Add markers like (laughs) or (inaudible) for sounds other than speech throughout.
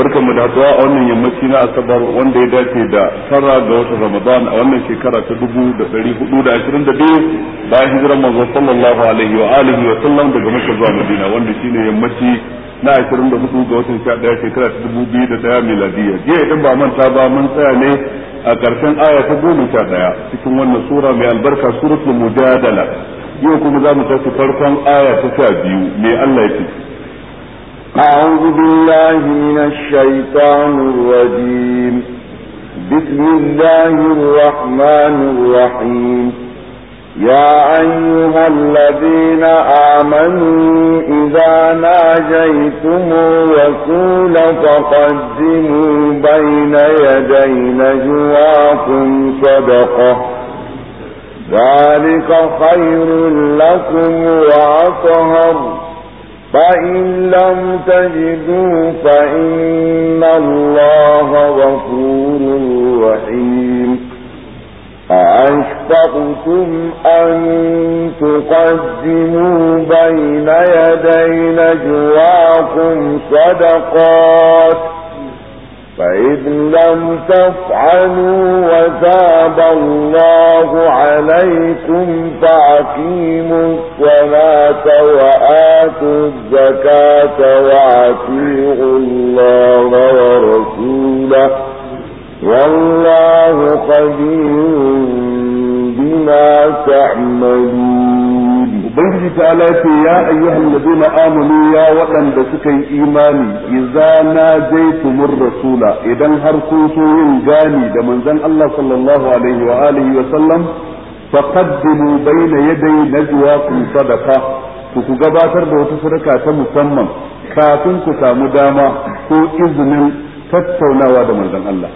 barkan mu da haɗuwa a wannan yammaci na asabar wanda ya dace da tara ga watan ramadan a wannan shekara ta dubu da ɗari hudu da ashirin da biyu bayan hijiran manzo sallallahu alaihi wa alihi wa sallam daga makka zuwa madina wanda shine yammaci na ashirin da hudu ga watan sha ɗaya shekara ta dubu biyu da ɗaya miladiyya jiya idan ba manta ba mun tsaya ne a ƙarshen aya ta goma sha ɗaya cikin wannan sura mai albarka suratul mujadala yau kuma za mu tafi farkon aya ta sha biyu mai Allah ya ce أعوذ بالله من الشيطان الرجيم بسم الله الرحمن الرحيم يا أيها الذين آمنوا إذا ناجيتم الرسول فقدموا بين يدي نجواكم صدقة ذلك خير لكم وأطهر فإن لم تجدوا فإن الله غفور رحيم أأشفقتم أن تقدموا بين يدي نجواكم صدقات فإذ لم تفعلوا وتاب الله عليكم فأقيموا الصلاة وآتوا الزكاة وأطيعوا الله ورسوله والله خبير بما تعملون wujudi ubangiji ta alafi ya ayyuhan ladina amanu ya waɗanda suka yi imani idza najaytumur rasula idan har kun so yin gani da manzon Allah sallallahu alaihi wa alihi wa sallam faqaddimu bayna yaday najwaakum sadaqa to ku gabatar da wata sadaka ta musamman kafin ku samu dama ko izinin tattaunawa da manzon Allah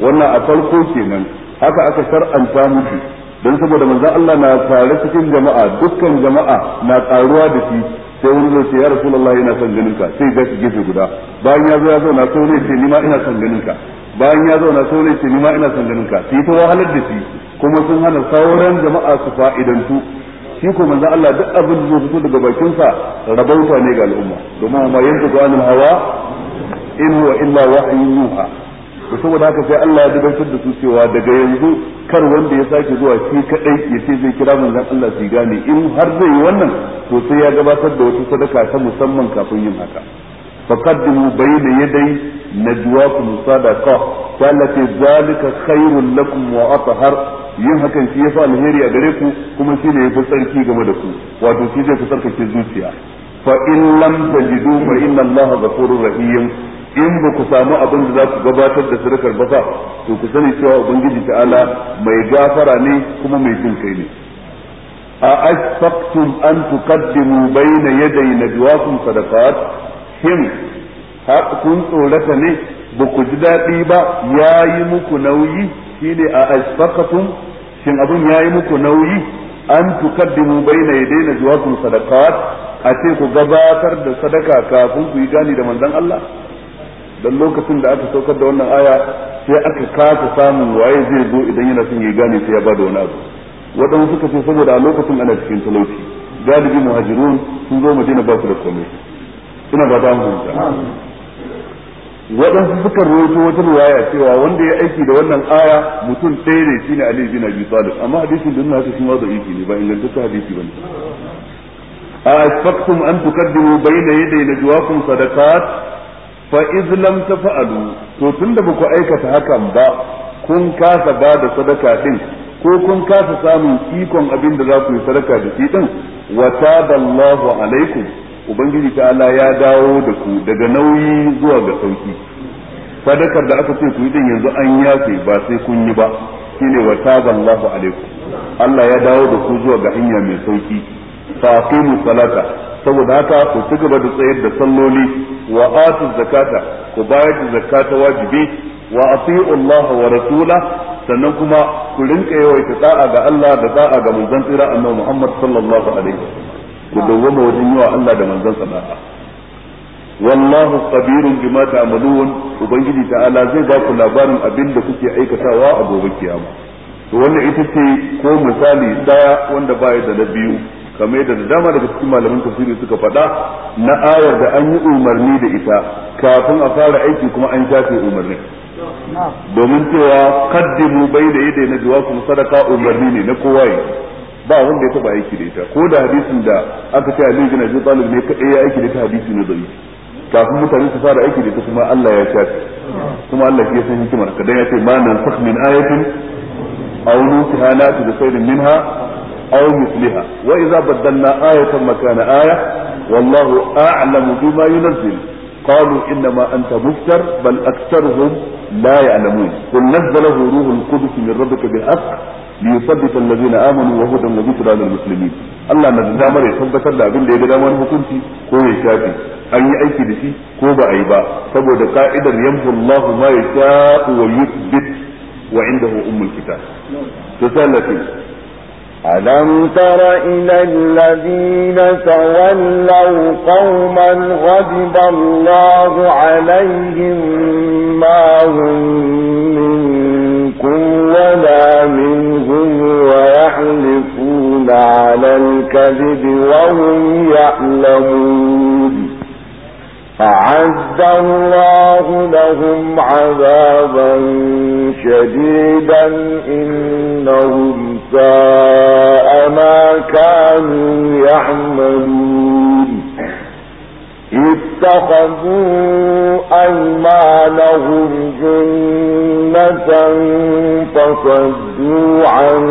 wannan a farko kenan haka aka shar'anta muku don saboda manzo Allah na tare cikin jama'a dukkan jama'a na karuwa da shi sai wani zai ce ya rasulullah ina son ganin ka sai ga shi gefe guda bayan ya zo ya na so ne ce ni ma ina son ganin ka bayan ya na so ne ce ni ma ina son ganin ka sai ta wahalar da shi kuma sun hana sauran jama'a su fa'idantu shi ko manzo Allah duk abin da fito daga bakin sa rabauta ne ga al'umma domin ma yanzu ga hawa in huwa illa wahyun yuha to saboda haka sai Allah ya dubantar da su cewa daga yanzu kar wanda ya sake zuwa shi kadai ya ce zai kira manzon Allah su gane in har zai yi wannan to sai ya gabatar da wata sadaka ta musamman kafin yin haka faqaddimu bayna yaday najwaakum sadaqa kallati zalika khairul lakum wa athhar yin hakan shi yafi alheri a gare ku kuma shi ne yafi tsarki game da ku wato shi zai fi tsarkake zuciya fa in lam tajidu fa inna Allaha ghafurur rahim in ba ku samu abin da za ku gabatar da sadakar ba fa to ku sani cewa ubangiji ta'ala mai gafara ne kuma mai jin kai ne a asfaqtum an tuqaddimu bayna yaday najwaakum sadaqat him har kun tsorata ne ba ku ji daɗi ba yayi muku nauyi shine a asfaqtum shin abin yayi muku nauyi an tuqaddimu bayna yaday najwaakum sadaqat a ce ku gabatar da sadaka kafin ku yi gani da manzon Allah dan lokacin da aka saukar da wannan aya sai aka kasa samun waye zai zo idan yana son ya gane sai ya bada wani abu wadanda suka ce saboda a lokacin ana cikin talauci galibi muhajirun sun zo madina ba su da komai ina ba ta hukunta wadanda suka rawaito wata riwaya cewa wanda ya aiki da wannan aya mutum ɗaya ne shine Ali bin Abi Talib amma hadisin da nuna shi ma da yake ne ba ingantaccen hadisi bane a asfaktum an tukaddimu bayna yaday najwaakum sadaqat fa iz lam tafa'alu to tunda ba ku aikata hakan ba kun kasa ba da sadaka din ko kun kasa samun ikon abin da za ku yi sadaka da shi din wa taballahu alaikum ubangiji ta Allah ya dawo da ku daga nauyi zuwa ga sauki sadakar da aka ce ku yi din yanzu an yafe ba sai kun yi ba shine wa taballahu alaikum Allah ya dawo da ku zuwa ga hanya mai sauki fa aqimu salata saboda haka ku ci gaba da tsayar da salloli wa atu zakata ku bayar da zakata wajibi wa ati'u Allah wa rasula sannan kuma ku rinka yawaita da'a ga Allah da da'a ga manzon tsira annabi Muhammad sallallahu alaihi ku dawwama wajen yawa Allah da manzon sa wallahu khabirun bima ta'malun ubangiji ta'ala zai ba ku labarin abin da kuke aikatawa a gobe kiyama to wannan ita ce ko misali daya wanda baya da na biyu kamar yadda dama daga cikin malaman tafsiri suka faɗa na ayar da an yi umarni da ita kafin a fara aiki kuma an shafe umarni domin cewa kaddimu bai da yadda na jiwa kuma sadaka umarni ne na kowa yi ba wanda ya taba aiki da ita ko da hadisin da aka ce Ali gina jin Talib ne kadai ya aiki da ita hadisi na zai kafin mutane su fara aiki da ita kuma Allah ya shafe kuma Allah ya san hikimar ka ya ce ma nan sakh min ayatin aw nusiha na'ti bi minha aw misliha wa idza badalna ayatan makana aya wallahu a'lamu bima yunzil قالوا انما انت مفتر بل اكثرهم لا يعلمون قل نزله روح القدس من ربك بالحق ليثبت الذين امنوا وهدى وذكرى للمسلمين الله na damar ya tabbatar da abin da ya ga damar hukunci ko ya shafi an yi aiki da shi ko ba a yi ba saboda ka'idar yamhu Allah ma yasha'u wa yuthbit wa indahu ألم تر إلى الذين تولوا قوما غضب الله عليهم ما هم منكم ولا منهم ويحلفون على الكذب وهم يعلمون أعد الله لهم عذابا شديدا إنهم ساء ما كانوا يعملون اتخذوا أيمانهم جنة فصدوا عن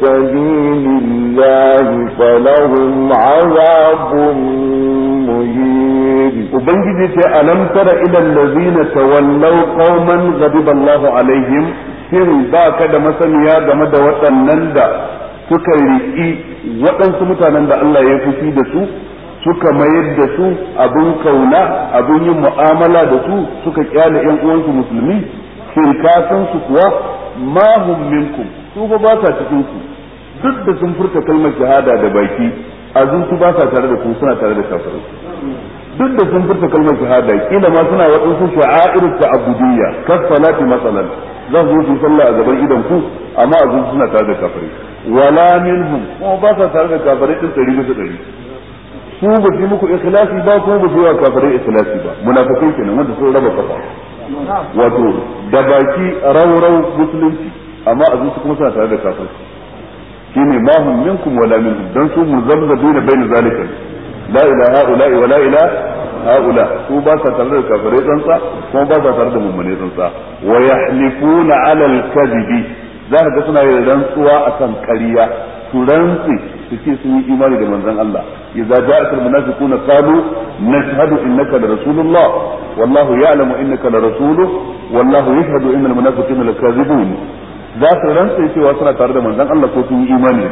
سبيل الله فلهم عذاب مهين alheri ubangiji ce alam tara ilal ladzina tawallaw qauman ghadiba Allah alaihim shin ba ka da masaniya game da waɗannan da suka riki waɗansu mutanen da Allah ya fushi da su suka mayar da su abin kauna abin yin mu'amala da su suka kyale yan uwansu musulmi shin ka san su kuwa ma hum minkum su ba ba sa cikin ku duk da sun furta kalmar shahada da baki azu su ba sa tare da ku suna tare da kafirai duk da sun furta kalmar shahada kila ma suna waɗansu sha'airut ta'budiyya salati masalan zan zo su sallah a gaban idan ku amma a suna tare da kafirai wala minhum ko ba sa tare da kafirai din ɗari bisa ɗari su ba su muku ikhlasi ba ko ba su yi kafirai ikhlasi ba munafikai kenan wanda sun raba kafa wato da baki raurau musulunci amma a zuci kuma suna tare da kafirai shine hum minkum wala minhum dan su muzabzabina bayna zalika la ila haula wa la ila haula su ba tare da kafirai tsantsa kuma ba sa tare da mummune tsantsa wa yahlifuna ala al-kadhibi za ka ga suna yin rantsuwa akan ƙarya su rantsi su ce sun yi imani da manzon Allah idza ja'aka al-munafiquna qalu nashhadu innaka la rasulullah wallahu ya'lamu innaka la rasuluhu wallahu yashhadu innal munafiqina lakazibun za su rantsi cewa suna tare da manzon Allah ko sun yi imani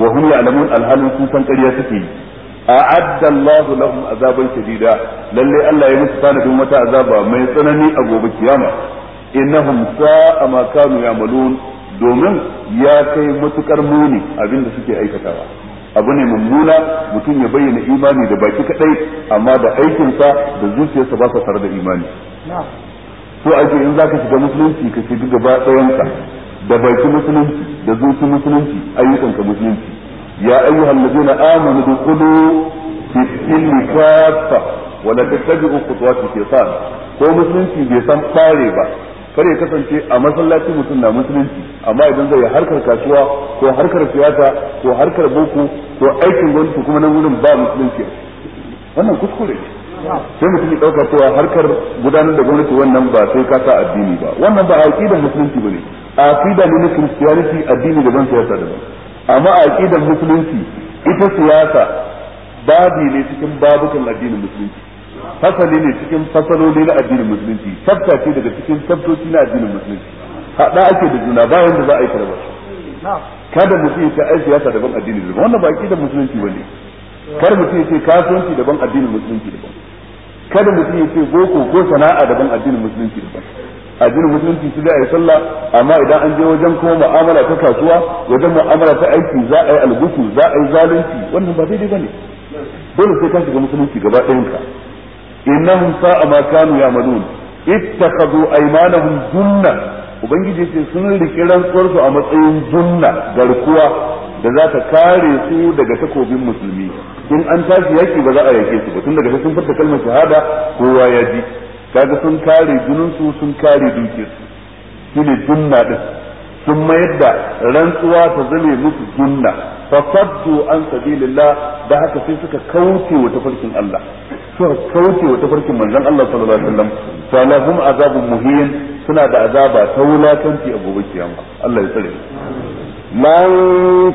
wa hum alhalin sun san suke yi أعد الله لهم azaban شديدا للي Allah ya musu tanadin wata azaba mai tsanani a gobe kiyama innahum sa'a ma ya ya'malun domin ya kai matukar muni abinda suke aikatawa abu ne mummuna mutum ya bayyana imani da baki kadai amma da aikinsa da zuciyarsa ba sa tare da imani so ake in zaka shiga musulunci ka shiga gaba ɗayanka da baki musulunci da zuci musulunci ayyukanka musulunci يا أيها الذين آمنوا ادخلوا في السلم كافة ولا تتبعوا خطوات الشيطان ko musulunci bai san fare ba kare kasance a masallaci mutum na musulunci amma idan zai harkar kasuwa ko harkar siyasa ko harkar boko ko aikin gwamnati kuma nan wurin ba musulunci wannan kuskure sai mutum ya dauka cewa harkar gudanar da gwamnati wannan ba sai ka sa addini ba wannan ba aqidar musulunci bane aqida ne na christianity addini daban siyasa daban amma a aqidar musulunci ita siyasa babi ne cikin babukan addinin musulunci fasali ne cikin fasaloli na addinin musulunci tsafta ce daga cikin tsaftoci na addinin musulunci hada ake da juna bayan da za a yi karba kada mutum ya ce ai siyasa daban addinin daban wannan ba aqidar musulunci bane kar mutum ya ce kasuwanci daban addinin musulunci daban kada mutum ya ce boko ko sana'a daban addinin musulunci daban addinin musulunci shi za sallah amma idan an je wajen kuma mu'amala ta kasuwa wajen ma'amala ta aiki za a yi algusu za a yi zalunci wannan ba daidai ne. dole sai ka shiga musulunci gaba ɗayan ka innahum sa'a ma kanu ya'malun ittakhadhu aymanahum junna ubangiji ce sun riki rantsuwar su a matsayin junna garkuwa da za ta kare su daga takobin musulmi in an tashi yaki ba za a yake su ba tun daga sun furta kalmar shahada kowa ya ji kaga sun kare jinin sun kare dukiyar su ne junna din sun mayar da rantsuwa ta zame musu junna fa saddu an sabilillah da haka sai suka kauce wa tafarkin Allah suka kauce wa tafarkin manzon Allah sallallahu alaihi wasallam fa lahum azabun muhin suna da azaba ta wulakanci a gobe kiyama Allah ya tsare من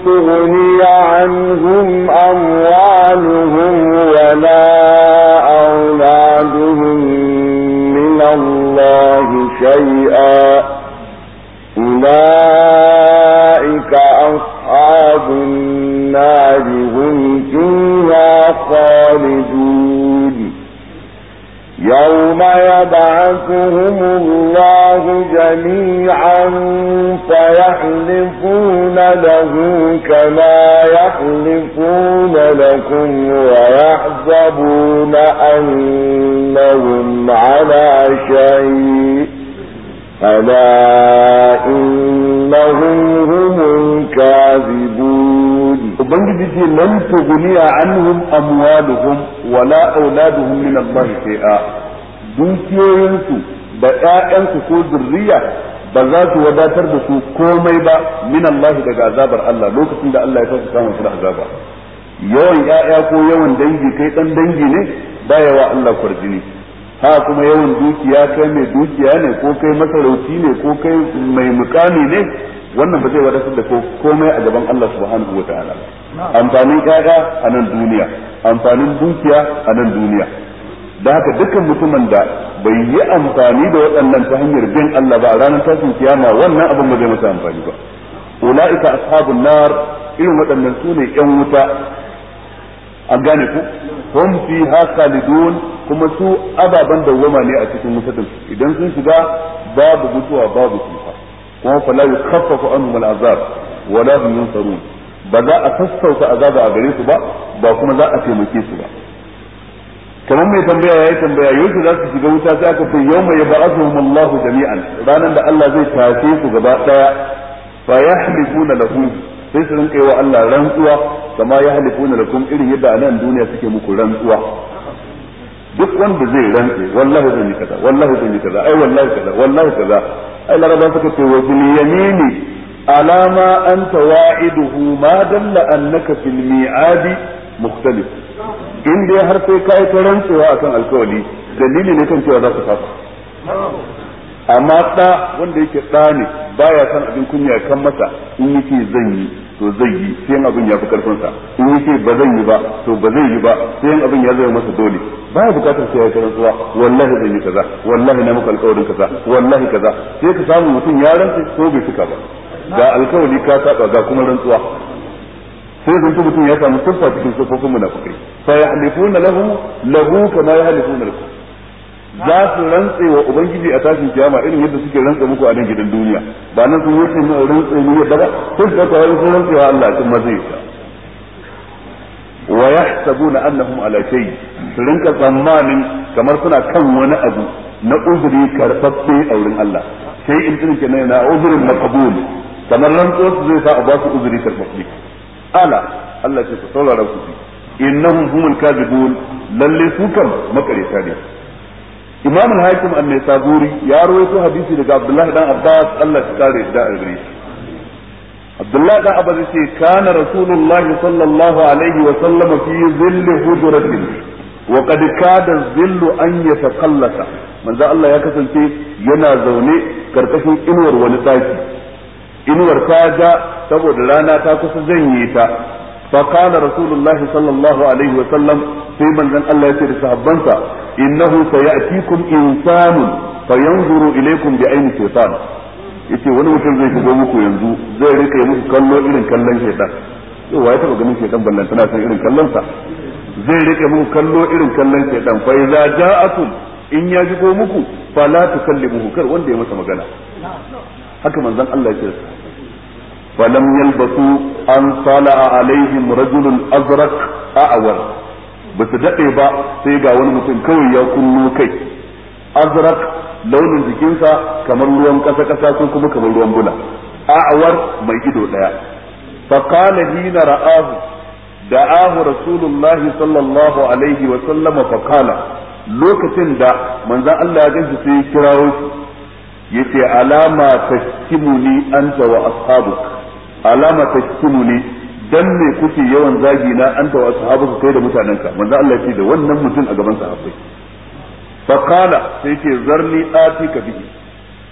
تغني عنهم أموالهم ولا أولادهم الله شيئا أولئك أصحاب النار هم فيها خالدون يوم يبعثهم الله جميعا فيحلفون له كما يحلفون لكم ويحسبون أنهم على شيء ألا إنهم هم الكاذبون وبنجد لن تغني عنهم أموالهم ولا أولادهم من الله شيئا dukiyoyinsu da ‘ya'yansu ko zurriya ba za su wadatar da su komai ba min Allah daga azabar Allah lokacin da Allah ya sa samun su da azaba yawan ‘ya'ya ko yawan dangi kai ɗan dangi ne ba yawa Allah kwarjini ha kuma yawan dukiya kai mai dukiya ne ko kai masarauci ne ko kai mai mukami ne wannan ba zai wadatar da komai a gaban Allah subhanahu wa ta'ala amfanin kaga a nan duniya amfanin dukiya a nan duniya da haka dukkan mutumin da bai yi amfani da waɗannan ta hanyar bin Allah ba a ranar tashin kiyama wannan abin ba zai masa amfani ba ulaika ashabun nar irin waɗannan su ne ƴan wuta an gane ku hum fiha khalidun kuma su ababen dawwama ne a cikin wutar idan sun shiga babu mutuwa babu tsufa kuma fala yukhaffafu anhum al'azab wala hum yunsarun ba za a sassauta azaba a gare su ba ba kuma za a taimake su ba kamar mai tambaya yayi tambaya yau za su shiga wuta sai aka ce yawma yab'athuhum Allah jami'an ranan da Allah zai tashe su gaba daya fa yahlifuna lahu sai su rinka yi wa Allah rantsuwa kama yahlifuna lakum irin yadda a nan duniya suke muku rantsuwa duk wanda zai rantse wallahi zan yi kaza wallahi zan yi kaza ai wallahi kaza wallahi kaza ai laraba suka ce wa bil yamini alama anta wa'iduhu ma dalla annaka fil mi'adi mukhtalif in dai har sai kai ta rantsewa akan alkawari dalili ne kan cewa za ka saba amma da wanda yake da ne baya san abin kunya kan masa in yake zan yi to zai yi sai abin ya fi karfinsa in yi yake ba zai yi ba to ba zai yi ba sai abin ya zai masa dole ba ya bukatar sai ya yi rantsuwa wallahi zai yi kaza wallahi na muka alƙawarin kaza wallahi kaza sai ka samu mutum ya rantsa ko bai cika ba ga alƙawari ka saba ga kuma rantsuwa sai zan mutum ya samu tuffa cikin sufofin munafikai fa yahlifuna lahum lahu kama na lahu za su rantse wa ubangiji a tashin kiyama irin yadda suke rantse muku a nan gidan duniya ba nan sun wuce mu rantse ne yadda ba sun ga tawari sun rantse wa Allah kuma zai ka wa yahsabuna annahum ala shay su rinka tsammanin kamar suna kan wani abu na uzuri karfafe a wurin Allah sai in din kenan na uzurin maqbul kamar rantsuwa su zai sa a ba su uzuri karfafe ala Allah ce ku saurara ku innahum humul kadibun lalle su kan makareta ne imam hakim annai saburi ya rawaito hadisi daga abdullah dan abbas Allah ya kare da gare abdullah dan abbas yace kana rasulullah sallallahu alaihi wa sallam fi zill hujratin wa qad kada zillu an yataqallasa manzo Allah ya kasance yana zaune karkashin inuwar wani daki inuwar ta saboda rana ta kusa zanye ta فقال رسول الله صلى الله عليه وسلم في من أن الله يسير صحبانسا إنه سيأتيكم إنسان فينظر إليكم بعين الشيطان yace wani mutum zai shigo muku yanzu zai rika yi muku kallo irin kallon shaitan yau ya taba ganin shaitan ballan tana san irin kallon sa zai rika muku kallo irin kallon shaitan fa idza ja'akum in ya shigo muku fala tukallimuhu kar wanda ya masa magana haka Allah ya ce فلم يلبثوا أن طلع عليهم رجل أزرق أعور بس daɗe ba sai ga wani mutum kawai ya kunno kai azrak launin jikinsa kamar ruwan ƙasa-ƙasa ko kuma kamar ruwan bula a'awar mai ido ɗaya faƙala hina ra'ahu da'ahu rasulullahi sallallahu alaihi wa sallama faƙala lokacin da manzan Allah ya gansu sai ya kirawo shi yace alama tashkimuni anta wa ashabuka alama ta ne dan me kuke yawan zagi na anta wa sahabu kai da mutanenka manzo Allah ya ce da wannan mutum a gaban sahabbai fa qala sai ce zarni atika bihi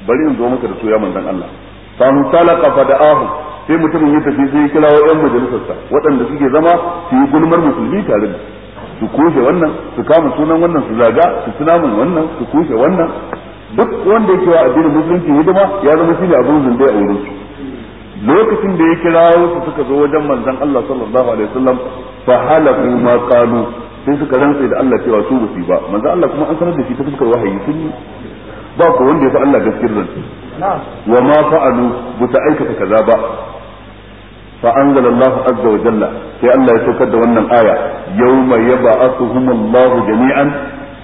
bari in zo maka da soya manzon Allah fa mutalaqa fa da'ahu sai mutumin ya tafi sai kira wa 'yan majalisarsa waɗanda suke zama su yi gulmar musulmi tare da su kushe wannan su kama sunan wannan su zaga su tunamin wannan su kushe wannan duk wanda yake wa addinin musulunci hidima ya zama shi ne abin zunde a wurin su lokacin da ya kira su suka zo wajen manzon Allah sallallahu alaihi wasallam fa halaku ma qalu sai suka rantsa da Allah cewa su busi ba manzon Allah kuma an sanar da shi ta fuskar wahayi sun ba ko wanda ya fa Allah gaskiyar zance wa ma fa'alu bu ta aikata kaza ba fa anzalallahu azza wa jalla sai Allah ya saukar da wannan aya yawma yab'athuhumullahu jami'an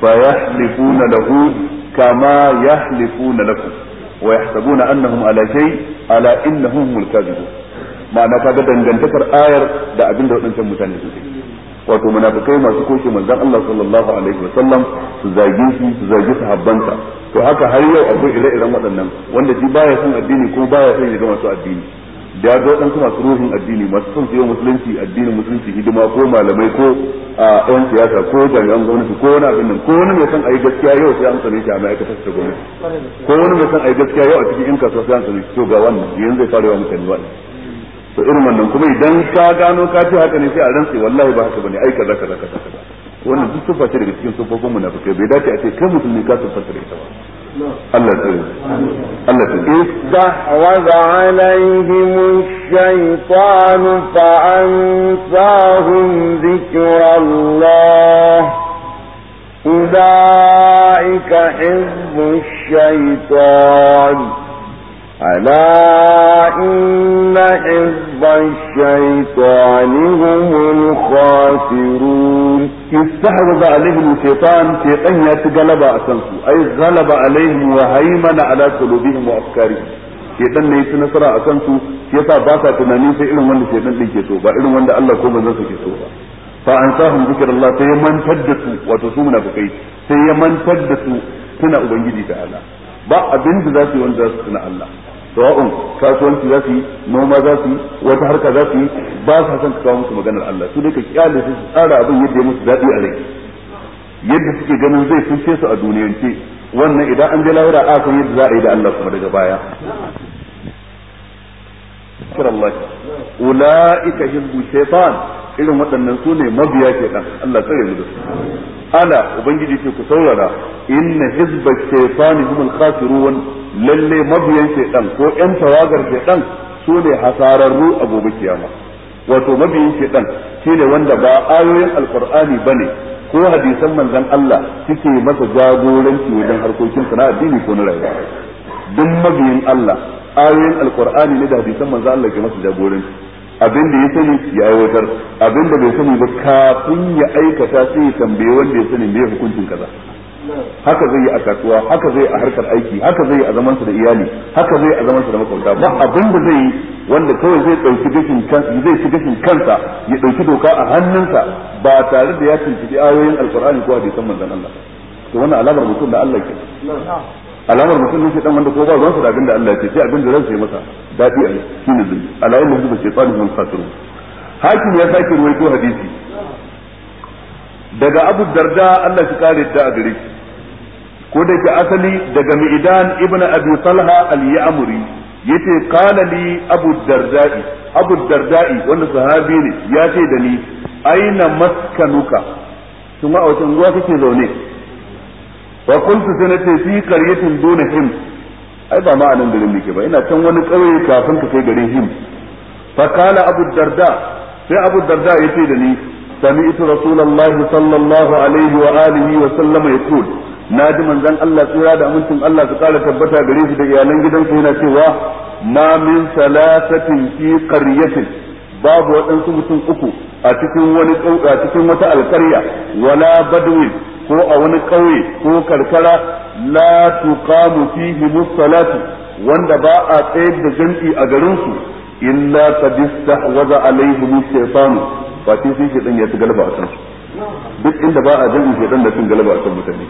fa yahlifuna lahu kama yahlifuna lakum wa yahsabuna annahum ala shay' ala innahum mulkazibun ma'ana kaga dangantakar ayar da abin da waɗancan mutane suke wato munafikai masu koke manzon Allah sallallahu alaihi wa sallam su zage shi su zage sahabbansa to haka har yau akwai ire-iren waɗannan wanda shi baya son addini ko baya son ya ga masu addini da ya zo kuma masu ruhin addini masu son su yi musulunci addinin musulunci hidima ko malamai ko a yan siyasa ko jami'an gwamnati ko wani abin nan ko wani mai son a yi gaskiya yau sai an tsane shi a ma'aikatar ta gwamnati ko wani mai son a yi gaskiya yau a cikin yan kasuwa sai an tsane shi to ga wannan yanzu zai fara yawa mutane wani to irin wannan kuma idan ka gano ka ce haka ne sai a rantse wallahi ba haka bane ai zaka zaka kaza wannan duk sufa ce daga cikin sufofin munafikai bai dace a ce kai musulmi ka sufa da ita ba الله استحوذ عليهم الشيطان فأنساهم ذكر الله أولئك حزب الشيطان ألا إن حزب الشيطان هم الخاسرون استحوذ عليهم الشيطان في قنية غلب أسنسو أي غلب عليهم وهيمن على قلوبهم وأفكارهم shaitan ne su nasara a kansu shi yasa ba sa tunani sai irin wanda shaitan din ke so ba irin wanda Allah ko manzon ke so ba fa an sahum Allah sai ya mantar da su wato su munafikai sai ya mantar da su tuna ubangiji ta'ala ba abin da za su yi wanda za su tuna Allah sawa'un kasuwanci za su yi noma za wata harka za su yi ba su son kawo musu maganar Allah su dai ka kyale su tsara abin yadda ya musu daɗi a rai yadda suke ganin zai fice su a duniyance wannan idan an je lahira a san yadda za a yi da Allah kuma daga baya kirallahi ulaika hizbu shaytan irin waɗannan su ne mabiya ke ɗan Allah tsare mu da su ala ubangiji ce ku saurara inna hizba shaytani humul khasirun lalle mabiyan ɗan ko ƴan tawagar ɗan, su ne hasararru a gobe kiyama wato mabiyin shaytan shine wanda ba ayoyin alqur'ani bane ko hadisan manzon Allah suke masa jagoranci wajen harkokin na addini ko na rayuwa duk mabiyin Allah ayoyin alqur'ani ne da hadisan manzon Allah ke masa jagoranci abin da ya sani ya aiwatar abin da bai sani ba kafin ya aikata sai ya tambaye wanda ya sani me hukuncin kaza haka zai yi a kasuwa haka zai yi a harkar aiki haka zai yi a zamansa da iyali haka zai yi a zamansa da makwabta ba abin da zai wanda kawai zai dauki gashin kansa zai ci gashin kansa ya dauki doka a hannunsa ba tare da ya tuntubi ayoyin alqur'ani ko hadisan manzon Allah to wannan alamar mutum da Allah ke alamar mutum ne shedan wanda ko ba ruwansa da abinda Allah ya ce sai abinda ransa ya masa dadi a shine zai alayin da zuba shaytan mun fasiru hakim ya sake ruwaito hadisi daga Abu Darda Allah shi kare da a gare shi ko da ke asali daga mi'idan ibn Abi Talha al-Ya'muri yace qala li Abu Darda'i Abu Darda'i wanda sahabi ne ya ce da ni aina maskanuka kuma a wace unguwa kake zaune fa kuntu sanata fi qaryatin duna him ai ba ma anan garin nake ba ina can wani ƙauye kafin ka kai garin him fa kala abu darda sai abu darda yace da ni sami'tu rasulullahi sallallahu alaihi wa alihi wa sallama yaqul na ji manzon Allah tsira da amincin Allah su kara tabbata gare shi da iyalan gidansa yana cewa ma min salasatin fi qaryatin babu waɗansu mutum uku a cikin wani a cikin wata alƙarya wala badwin ko a wani ƙauye ko karkara la tuqamu fihi musallatu wanda ba a tsayar da jam'i a garin su illa qad istahwaza alaihi shaytan fa sai shi dan ya ci galaba a kan duk inda ba a jam'i shedan da cin galaba a kan mutane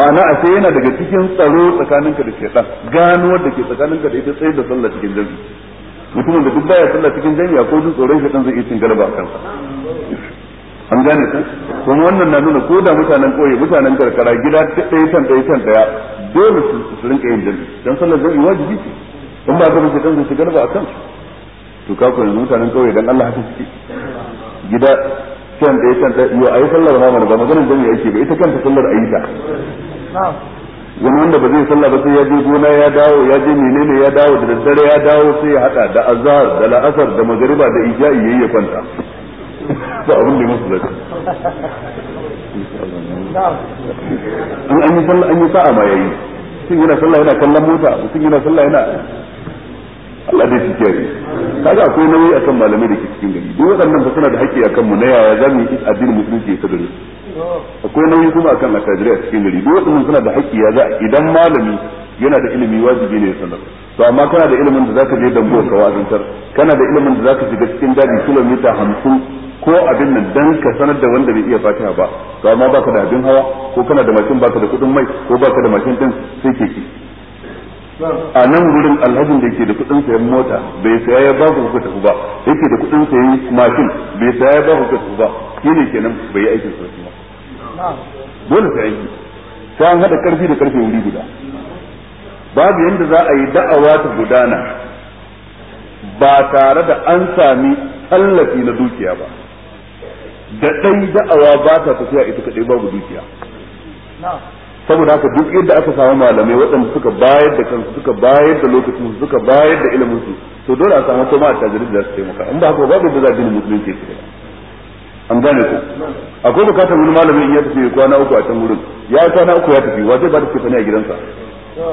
ma'ana a sai yana daga cikin tsaro tsakaninka da shaytan gano wanda ke tsakaninka da ita tsayar da sallah cikin jami'i mutumin da duk baya sallah cikin jami'i ko duk tsoron shaytan zai yi cin galaba a kansa an gane ku kuma wannan na nuna ko da mutanen ƙauye mutanen karkara gida ɗaya can ɗaya can ɗaya dole su rinƙa yin jami'i don sallar jami'i wajibi ce in ba ka ba kan su shigar ba a kan to ka kuma mutanen ƙauye dan Allah haka suke gida can ɗaya can ɗaya a yi sallar ma ba maganar jami'i ake ba ita kanta sallar yi ta wani wanda ba zai sallah ba sai ya je gona ya dawo ya je menene ya dawo da daddare ya dawo sai ya hada da azhar da la'asar da magariba da ijai yayi ya kwanta ba abin da musu zaka an an yi sallah an yi sa'a ma yayi sun yana sallah yana kallon mota sun yana sallah yana Allah dai shi kiyaye kaga akwai nauyi akan malamai da ke cikin gari duk waɗannan ba suna da haƙƙi akan mu na yaya za mu yi addinin musulunci ya sadare akwai nauyi kuma akan attajirai a cikin gari duk waɗannan suna da haƙƙi ya za idan malami yana da ilimi wajibi ne ya sanar to amma kana da ilimin da zaka je dambo ka wazantar kana da ilimin da zaka shiga cikin daji kilomita hamsin ko abin nan dan ka sanar da wanda bai iya fatiha ba to amma baka da abin hawa ko kana da mashin baka da kudin mai ko baka da mashin din sai keke a nan wurin alhajin da ke da kudin sayan mota bai saya ya ba ku tafi ba yake da kudin sayan mashin bai saya ya ba ku tafi ba shine kenan bai yi aikin sosai ba dole sai aiki sai an hada karfi da karfe wuri guda babu yanda za a yi da'awa ta gudana ba tare da an sami tallafi na dukiya ba da ɗan da'awa ba ta tafiya ita kaɗai babu dukiya saboda haka duk yadda aka samu malamai waɗanda suka bayar da kansu suka bayar da lokacin suka bayar da ilimin su to dole a samu kuma a tajirin da su taimaka in ba haka babu da za a musulunci ya an gane ku akwai bukatar wani malamin in ya tafi kwana uku a can wurin ya yi kwana uku ya tafi waje ba ba da sani a gidansa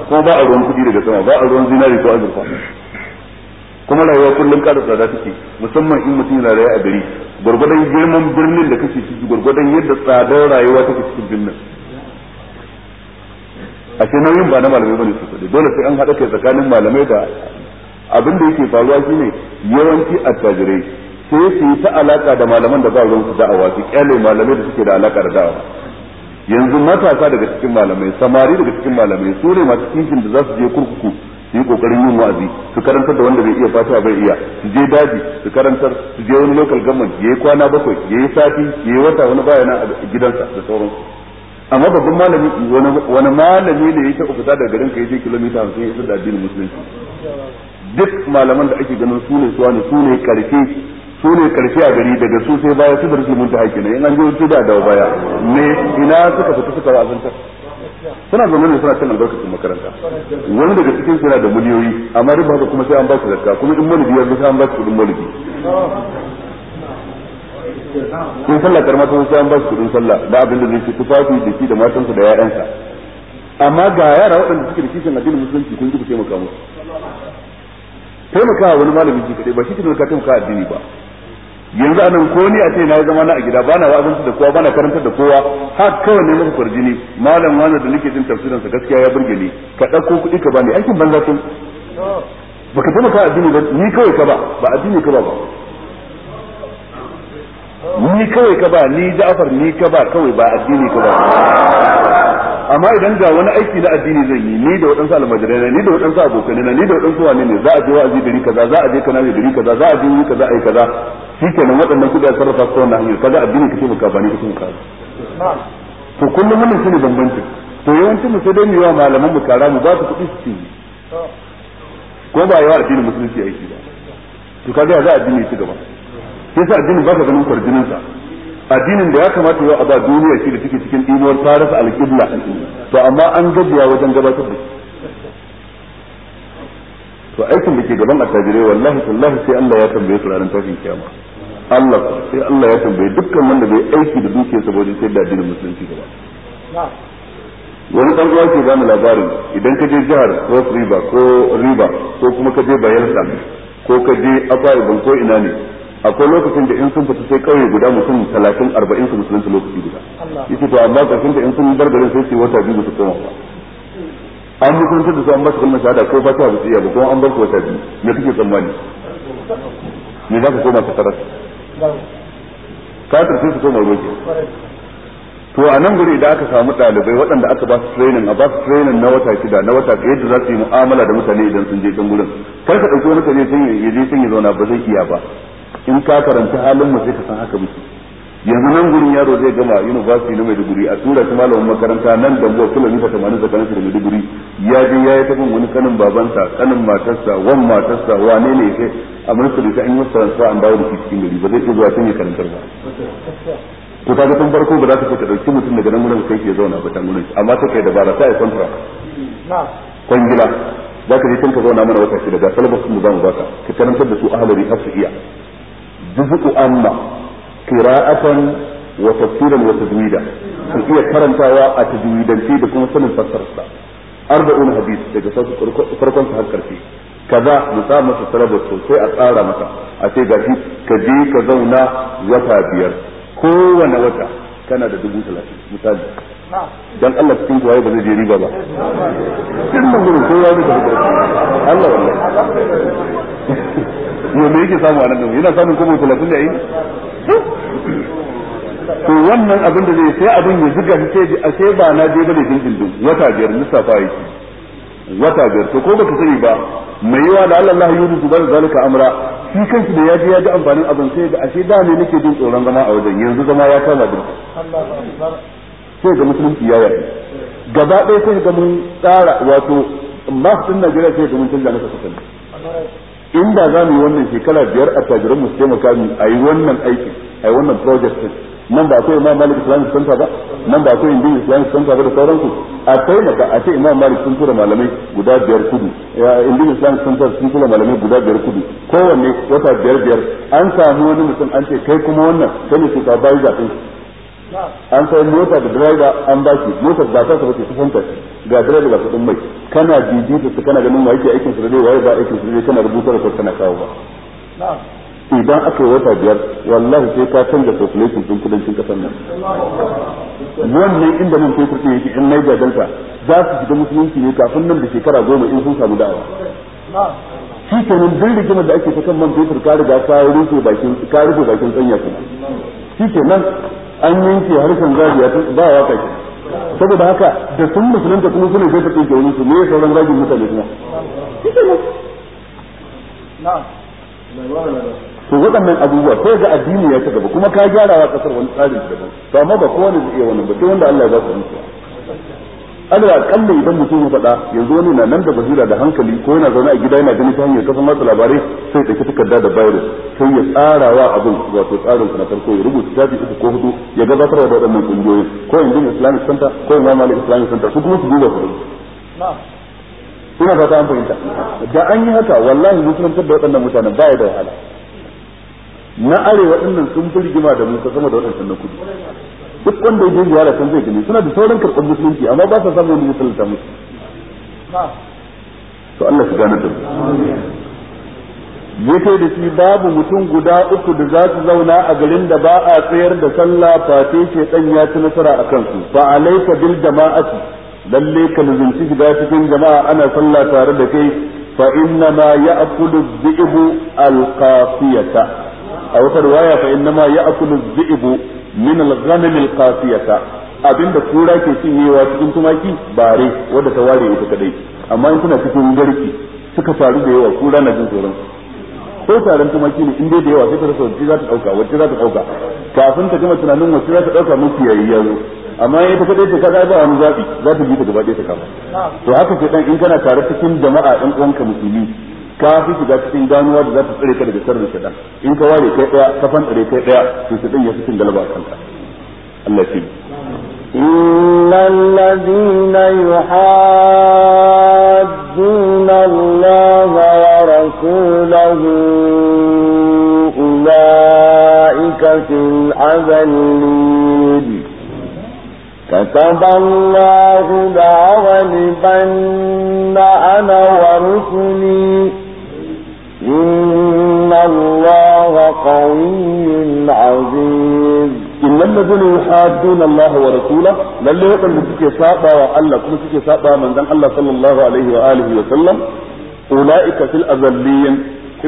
kuma ba a ruwan kuɗi daga sama ba a ruwan zinari ko azurfa kuma rayuwa kullum ƙara tsada take musamman in mutum yana rayuwa a gari gwargwadon girman birnin da kake ciki gwargwadon yadda tsadar rayuwa take cikin birnin a ce nauyin ba na malamai bane su kuɗi dole sai an haɗa kai tsakanin malamai da abin da yake faruwa shine yawanci attajirai sai su yi ta alaka da malaman da ba ruwan su da'awa su kyale malamai da suke da alaka da da'awa yanzu matasa daga cikin malamai samari daga cikin malamai su ne masu kinkin da za su je kurkuku su yi kokarin yin wa'azi su karantar da wanda bai iya fata bai iya su je daji su karantar su je wani local government yayi kwana bakwai yayi sati yayi wata wani bayana a gidansa da sauransu amma babban malami wani malami ne ya taɓa fita daga garin ka je kilomita hamsin ya isa da addinin musulunci duk malaman da ake ganin su ne su ne su ne karfe su ne karfe a gari daga su sai baya su da mun ta haƙi ne in an je su da dawo baya ne ina suka fita suka wa'azantar suna zama ne suna cin albarkacin makaranta wani daga cikin suna da miliyoyi amma duk haka kuma sai an ba su zakka kuma in mulki ya zuwa an ba su kudin mulki in sallah karma kuma sai an ba su kudin sallah ba abin da zai ci tufafi da shi da matansa da ya'yansa amma ga yara waɗanda suke da kishin addinin musulunci kun ji ku taimaka musu taimakawa wani malami ji kadai ba shi ke ka taimaka addini ba yanzu anan ko ni a ce na yi zama na a gida ba na wa'azinta da kowa ba na karantar da kowa har kawai ne maka kwarjini malam wani da nake jin tafsirin sa gaskiya ya burge ni ka ɗauko kuɗi ka bani aikin banza ba baka taimaka addini ba ni kawai ka ba ba addini ka ba ba ni kawai ka ba ni ja'afar ni ka ba kawai ba addini ka ba amma idan ga wani aiki na addini zan yi ni da waɗansu almajirai na ni da waɗansu abokanai na ni da waɗansu wani ne za a je wa'azi dari kaza za a je kana da dari kaza za a je wuri kaza ai kaza shi shikenan waɗannan kuɗi a sarrafa su wannan hanyar kaza addini kake muka ba ni kake muka ba to kullum wannan shine bambancin to yawanci mu sai dai mu wa malaman mu kara mu ba su kuɗi su ci ko ba yawa addinin musulunci aiki ba to kaga za addini ya ci gaba sai sa addini ba ka ganin kwarjinin sa addinin da ya kamata yau a ba duniya shi da take cikin imuwar tarihi alƙibla to amma an gajiya wajen gabatar da to aikin da ke gaban attajirai wallahi tallahi sai Allah ya tambaye su ranar tashin kiyama Allah sai Allah ya tambaye dukkan wanda bai aiki da dukiyar sa wajen sai da addinin musulunci gaba wani ɗan uwa ke bani labarin idan ka je jihar Cross River ko River ko kuma ka je Bayelsa ko ka je akwai Ibom ko ina ne akwai lokacin da in sun fita sai kauye guda mutum talatin arba'in su musulunci lokaci guda yake to amma kafin da in sun bar sai su wata biyu su koma ba an mutunta da su an basu su kalmar shahada ko ba ta ba iya ba kuma an bar su wata biyu me kake tsammani me za ka koma ka tarar ka tarfi su koma roke to a nan guri idan aka samu ɗalibai waɗanda aka ba su training a ba su training na wata shida na wata yadda za su yi mu'amala da mutane idan sun je can gurin kar ka ɗauki wani kaje sun je sun yi zauna ba zai iya ba in ka karanta halin mu sai ka san haka muke yanzu nan gurin yaro zai gama university na Maiduguri a tura shi malamin makaranta nan da mu kilomita 80 tsakanin shi da Maiduguri ya je ya yi tafin wani kanin babansa kanin matarsa wan matarsa wane ne sai a ministry ta an yi transfer an dawo da shi cikin gari ba zai iya zuwa can ya karantar ba to kaga tun farko ba za ka ka dauki mutum daga nan gurin kai ke zauna ba can gurin amma ta kai dabara sai contract kwangila za ka je tun ka zauna mana wata shida ga sun mu za mu baka ka karantar da su ahalari har su iya juz'u amma qira'atan wa tafsiran wa tajwida sun iya karantawa a tajwidance da kuma sanin fassararsa arba'un hadis daga farkon sa har kaza mu sa masa salabar a tsara masa a ce gashi ka je ka zauna wata biyar wata kana da dubu talatin dan Allah cikin kuwaye ba zai je riba ba cikin gurin kowa ne da Allah wallahi me yake samu a nan gaba yana samun kuma talatin da yi to wannan abin da zai sai abin ya zuga shi sai a sai ba na je bane dindin din wata biyar lissafa yake wata biyar to ko baka sani ba mai yawa da Allah Allah yuzu bar zalika amra shi kanki da yaji yaji amfanin abin sai da ashe da ne nake jin tsoron zama a wajen yanzu zama ya kama din sai ga musulunci ya yarda gaba ɗaya sai ga mun tsara wato mas din Najeriya sai ga mun canza masa kasance in ba za mu yi wannan shekara biyar a tajirin musu taimaka mu a yi wannan aikin a yi wannan project din nan ba akwai imam malik islamic center ba nan ba akwai indiya islamic center ba da sauransu a taimaka a ce imam malik sun tura malamai guda biyar kudu indian islamic center sun tura malamai guda biyar kudu kowanne wata biyar biyar an samu wani mutum an ce kai kuma wannan kai ne ka bayi zaɓe an sai mota da driver an baki motar ba ta ba ce ta fanta ga dare da kudin mai kana bibita su kana ganin waye ke aikin su da dai waye ba aikin su dai kana rubuta da kana kawo ba idan aka yi wata biyar wallahi sai ka canza population din kudancin kasar nan wannan inda mun kai kurɗi yake in Niger Delta za su shiga musulunci ne kafin nan da shekara goma in sun samu da'awa shi ke nan duk rigimar da ake ta kan man fetur ka riga ka rufe bakin ka rufe bakin tsanya kuma shi ke nan an yanke harshen zabiya ba waka kai saboda haka da sun musulunta kuma suna zai tafi gauni su ne sauran ragin mutane kuma to waɗannan abubuwa sai ga addini ya ta gaba kuma ka gyara wa kasar wani tsarin daban to amma ba kowane zai iya wannan ba sai wanda Allah ya ba su mutuwa alwa kalle idan mutum ya faɗa yanzu wani na nan da basira da hankali ko yana zaune a gida yana ganin ta hanyar kafin masu labarai sai ɗauki takarda da virus sai ya tsarawa abin wato tsarin na farko ya rubuta tafi uku ko hudu ya gabatar da waɗannan ƙungiyoyin ko yanzu islamic center ko yanzu malik islamic center su kuma su duba su ina fata an fahimta da an yi haka wallahi musulunci da waɗannan mutanen baya da wahala na arewa ɗinnan sun fi rigima da mu sama da waɗannan kudi duk wanda ya je ziyara kan zai gani suna da sauran karɓar musulunci amma ba sa samun wani musulunta musu to Allah su gane da yake da shi babu mutum guda uku da za su zauna a garin da ba a tsayar da sallah fate ce dan ya ci nasara a kansu fa alayka bil jama'ati lalle ka lazunci shiga cikin jama'a ana sallah tare da kai fa inna ma ya'kulu dhi'bu al-qafiyata a wata riwaya fa inna ma ya'kulu dhi'bu min al-ghanam al-qasiyata abinda kura ke cinyewa cikin tumaki bare wanda ta ware ita kadai amma in kuna cikin garki suka faru da yawa kura na jin tsoron ko taron tumaki ne in dai da yawa sai ta rasa wacce za ta dauka wacce za ta dauka kafin ta gama tunanin wacce za ta dauka mafi yayi yaro amma ya ta kadai ta kaza ba mu zabi za ta bi ta gaba ɗaya ta kama to haka sai dan in kana tare cikin jama'a ɗan uwanka musulmi ka fi shiga cikin ganuwa da za ta tsare ka daga sharrin shaɗan in ka ware kai ɗaya ka fan kai ɗaya to shaɗan ya fi cin galaba kanka Allah ce إن الذين يحادون الله ورسوله أولئك في الأذلين كتب الله لأغلبن أنا ورسلي إن الله قوي عزيز إن الذين يحادون الله ورسوله للي وقت سكي سابا وألا كل سكي سابا من ذن الله صلى الله عليه وآله وسلم أولئك في الأذلين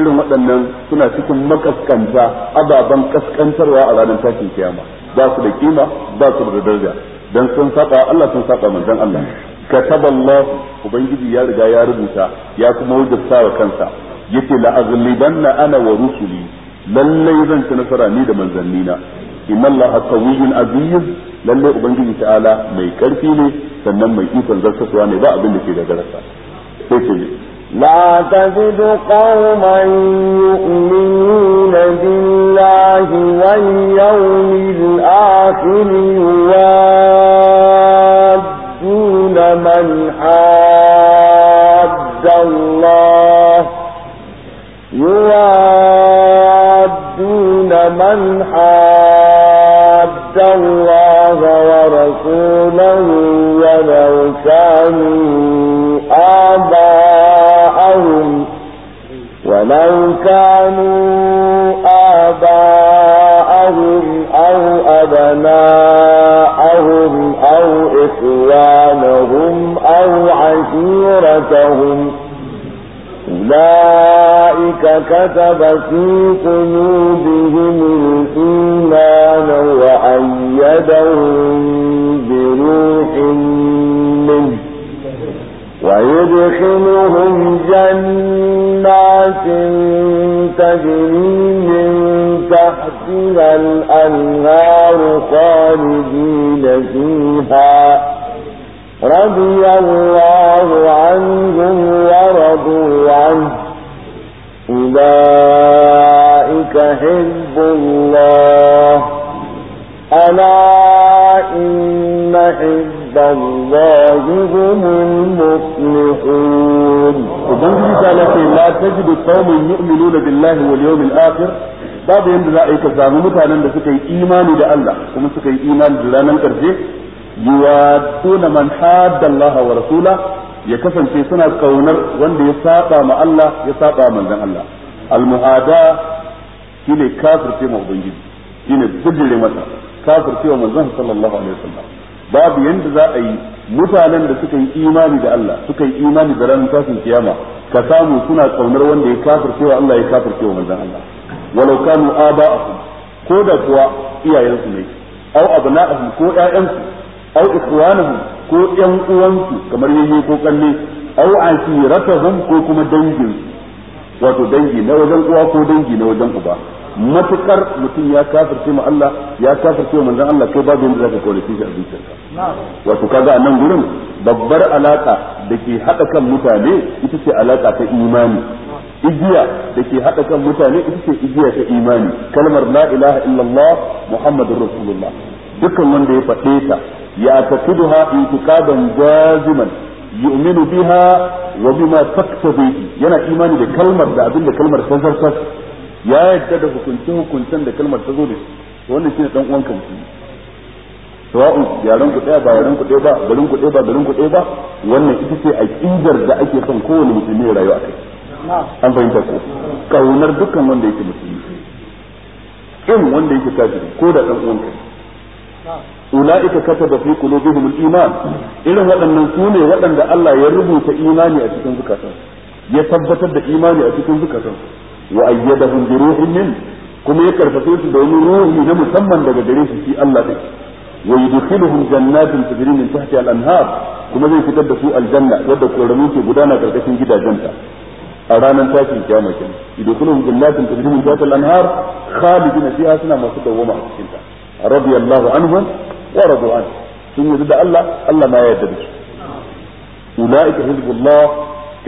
irin waɗannan suna cikin makaskanta ababen kaskantarwa a ranar tashin kiyama ba su da kima ba su da daraja dan sun saba Allah sun saba manzon Allah kataballahu ubangiji ya riga ya rubuta ya kuma wajabta wa kansa yace la aghlibanna ana wa rusuli lalle zan ci nasara ni da manzanni na inna allaha qawiyyun aziz lalle ubangiji ta'ala mai karfi ne sannan mai ikon zartaswa ne ba abin da ke da garasa sai ce لا تجد قوما يؤمنون بالله واليوم الآخر يوادون من حاد من حد الله ورسوله ولو كانوا آباءهم ولو كانوا آباءهم أو أبناءهم أو إخوانهم أو عشيرتهم أولئك ربك كتب في قلوبهم الإيمان وأيدهم بروح منه ويدخلهم جنات تجري من تحتها الأنهار خالدين فيها رضي الله عنهم ورضوا أولئك حزب الله ألا إن حزب الله هم المصلحون وبنك رسالة لا تجد قوم يؤمنون بالله واليوم الآخر بعد أن رأيك زعمتها أن لك إيمان إلى الله ومسك إيمان جلالا ترجيح يوادون من حاد الله ورسوله ya في سنة كونر wanda ya saba الله Allah ya الله al-mu'ada shine kafirce ma ubangiji shine bijire masa kafirce wa manzon sallallahu alaihi wasallam babu yanda za a yi mutanen da suka yi imani da Allah suka yi imani da ranar tashin kiyama ka samu suna kaunar wanda ya kafirce wa Allah ya kafirce wa manzon Allah walau kanu aba'ahum ko da kuwa iyayensu ne au abna'ahum ko ƴaƴansu au ikhwanahum ko ƴan uwansu kamar yayi ko kalle au asiratahum ko kuma danginsu. wato dangi na wajen uwa ko dangi na wajen uba matukar mutum ya kafirce ma Allah ya kafirce ma manzon Allah kai babu yadda zaka kaulace shi a zuciyarka wato kaga a nan gurin babbar alaka da ke hada kan mutane ita ce alaka ta imani igiya da ke hada kan mutane ita ce igiya ta imani kalmar la ilaha illallah muhammadur rasulullah dukan wanda ya faɗe ta ya takuduha intiqadan jaziman yu'minu biha wa bima taktabi yana imani da kalmar da abin da kalmar ta zartar ya yadda da hukunce hukuncen da kalmar ta zo da shi wannan shine dan uwan kanki sawa'un yaran ku daya ba yaran ku ba garin ku ba garin ku ba wannan ita ce aqidar da ake son kowane musulmi ya rayu a kai an fahimta ko kaunar dukkan wanda yake musulmi in wanda yake kafiri ko da dan uwan ulaika kataba fi qulubihim al-iman irin waɗannan sune waɗanda Allah ya rubuta imani a cikin zukatan ya tabbatar da imani a cikin zukatan wa ayyadahum bi kuma ya karfafe su da wani ruhi na musamman daga gare shi shi Allah din wa yudkhiluhum jannatin tajri min tahtiha anhar kuma zai fitar da su aljanna wadda koramu ke gudana karkashin gidajenta a ranar tashin kiyama kenan yudkhiluhum jannatin tajri min tahtiha al-anhar khalidina suna masu dawwama a cikin ta radiyallahu anhum wa radu sun yarda da Allah Allah ma ya yarda da su ulaika hizbullah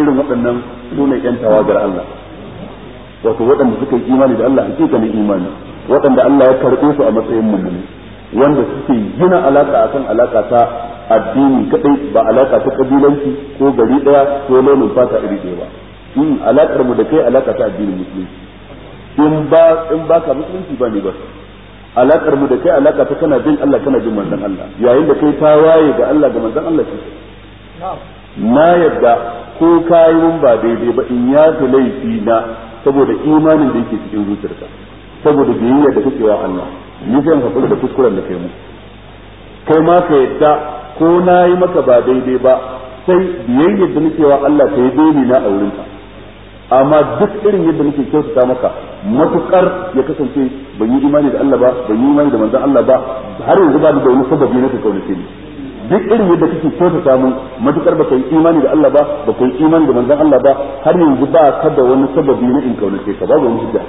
irin waɗannan sune yan tawagar Allah wato waɗanda suka yi imani da Allah hakikanin imani waɗanda Allah ya karɓe su a matsayin mummuni wanda suke gina alaka akan alaka ta addini kadai ba alaka ta kabilanci ko gari daya ko launin fata iri ɗaya ba in alakar mu da kai alaka ta addinin musulunci in ba in baka musulunci ba ne ba alakar mu da kai alaka ta kana bin Allah kana bin manzon Allah yayin da kai ta waye ga Allah ga manzon Allah ce na yadda ko kayi mun ba daidai ba in ya fi laifi na saboda imanin da yake cikin zuciyarka saboda biyayya da kake wa Allah ni zan ka da kuskuren da kai mu kai ma ka yadda ko nayi maka ba daidai ba sai biyayya da nake wa Allah ta yi daidai na a amma duk irin yadda nake kyautata maka matukar ya kasance ban yi imani da Allah ba ban yi imani da manzon Allah ba har yanzu ba da wani sababi na kaunace ni duk irin yadda kake kyautata mun matukar ba yi imani da Allah ba ba kai imani da manzon Allah ba har yanzu ba ka da wani sababi na in kaunace ka ba wani hujja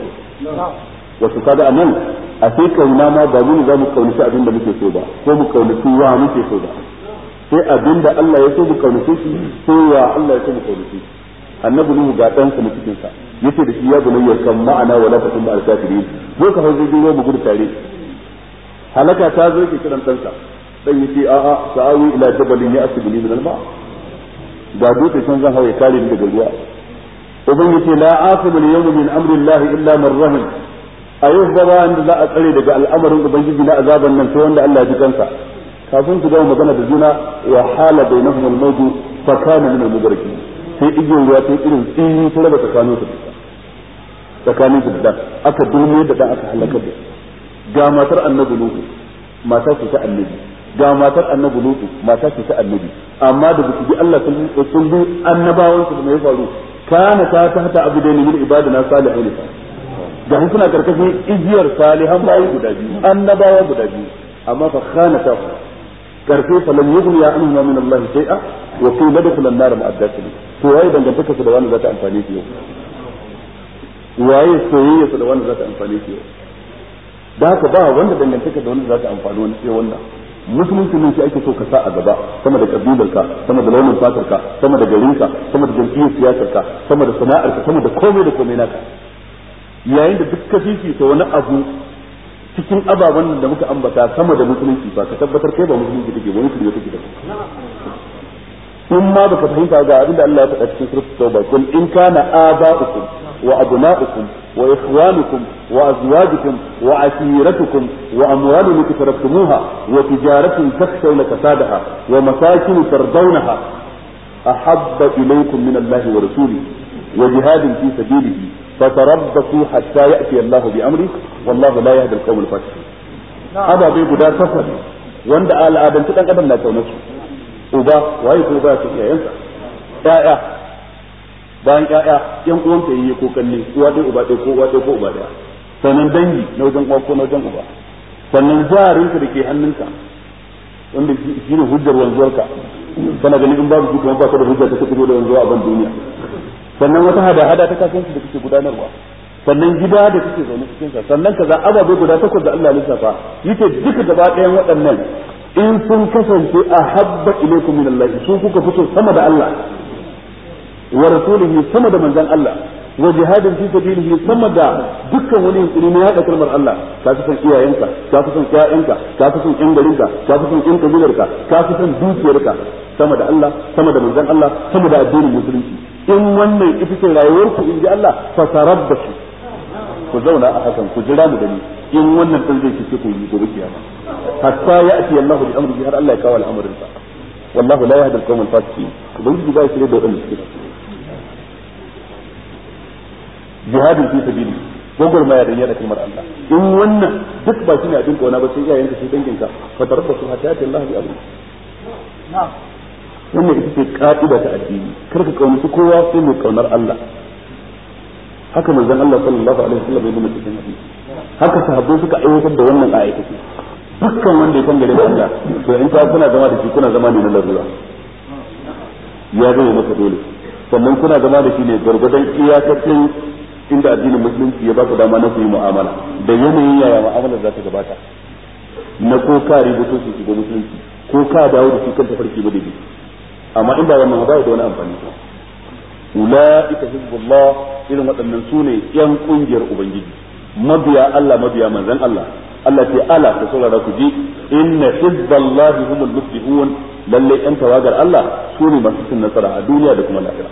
wato kaga anan a sai na ma ba mu za mu kaunaci abin da muke so ba ko mu kaunaci wa muke so ba sai abin da Allah ya so mu kaunace shi sai wa Allah ya so mu kaunace annabi nuhu ga ɗansa na cikin sa yace da shi ya bunayya kan ma'ana wala ta kuma alkafirin Ko ka hauzo duro mu gudu tare halaka ta zo ke kiran ɗansa dan yace a a sa'awi ila jabalin ya asbili min alma ga dutse can zan hawaye kare ni daga ruwa uban yace la asimu al-yawma min amri Allah illa man rahim a yau ba wanda za a tsare daga al'amarin ubangiji na azaban nan sai wanda Allah ya ji kansa kafin su gama magana da juna wa hala bainahum al-mawt fa kana min al-mudrikin sai igiyar ruwa ta irin tsini ta raba tsakanin su tsakanin su da aka dole da dan aka halakar da ga matar annabi nuhu mata ce ta annabi ga matar annabi lutu mata ce ta annabi amma da bisu bi Allah sun bi annabawan su da mai faru kana ta ta hata abu da min ibadina salihin ga hun karkashin igiyar salihan bayi guda biyu annabawa guda biyu amma fa khana ta karfe falan yughni ya anhu min Allah shay'a wa qila dakhul an-nar ma'a dakhil to waye dangantaka su da wani zata amfane shi yau waye soyayya su da wani zata amfane shi yau da haka ba wanda dangantaka da wanda zata amfani wani sai wannan musulunci ne shi ake so ka sa a gaba sama da kabilarka sama da launin fatarka sama da garinka sama da jam'iyyar siyasarka sama da sana'arka sama da komai da komai naka yayin da duk ka fifita wani abu cikin ababen da muka ambata sama da musulunci ba ka tabbatar kai ba musulunci take ba musulunci take da in ma baka fahimta ga abin da Allah ya faɗa cikin suratul tauba kun in kana aba'ukum wa abna'ukum wa ikhwanukum wa azwajukum wa asiratukum wa amwalun iktaraftumuha wa tijaratun takshawna kasadaha wa masakin tardawnaha ahabba ilaykum min Allah wa rasulihi wa jihadin fi sabilihi فتربصوا hatta ياتي Allahu bi amri wallahu يهدي القوم al هذا بي غدا ababe guda takwas wanda al'adanci dan adam na kaunar su uba waye ba su iyayensa يا bayan ya'ya yan uwan ta yi ko kalle uwa uba dai ko sannan dangi na wajen na wajen uba sannan jarinka da ke hannunka wanda shi ne hujjar wanzuwarka kana ganin in babu shi kuma ba ka da hujjar ta kudu da wanzuwa a ban duniya sannan wata hada-hada ta kasance da kake gudanarwa sannan gida da kake zaune cikin sa sannan kaza ababe guda takwas da Allah ya lissafa yace duka gaba ɗayan waɗannan in sun kasance a habba ilaikum min Allah su kuka fito sama da Allah wa rasulihi sama da manzon Allah wa jihadin fi sabilihi sama da dukkan wani yunkuri na yada kalmar Allah ka fi son iyayenka ka fi son ƴaƴanka ka fi son ƴan garinka ka fi son ƴan kabilarka ka fi son dukiyarka sama da Allah sama da manzon Allah sama da addinin musulunci in wannan ita ce rayuwarku in ji Allah fa tarabbasu ku zauna a hakan ku jira mu gani in wannan din zai kice ku yi gobe kiyama hatta ya'ti Allah bi amrihi har Allah ya kawo al'amarin sa wallahu la yahdi al-qawm al-fasiqin ubangiji ba shi da wannan cikin jihadin fi sabili gwagwarmaya da yana kalmar Allah in wannan duk ba shi ne abin kona ba sai iyayenka sai danginka fa tarabbasu hatta ya'ti Allah bi amrihi na'am wannan ita ce ka'ida ta addini kar ka kaunaci kowa sai mai kaunar Allah haka manzon Allah sallallahu alaihi wasallam ya nuna cikin hadisi haka sahabbai suka aiwatar da wannan ayyuka dukkan wanda ya kangare da Allah to in ka kuna zama da shi kuna zama ne na larura ya zama maka dole sannan kuna zama da shi ne gargadan iyakacin inda addinin musulunci ya ba ku dama na ku yi mu'amala da yanayin yaya mu'amalar za ta gabata na ko ka ributo su shiga musulunci ko ka dawo da shi kanta farki ba da amma in ba wannan ba da wani amfani ko ulaika hizbullah irin waɗannan sune yan kungiyar ubangiji mabiya Allah mabiya manzon Allah Allah ce ala da saurara ku ji inna hizballahi humul muflihun lalle yan tawagar Allah sune masu cin nasara a duniya da kuma lahira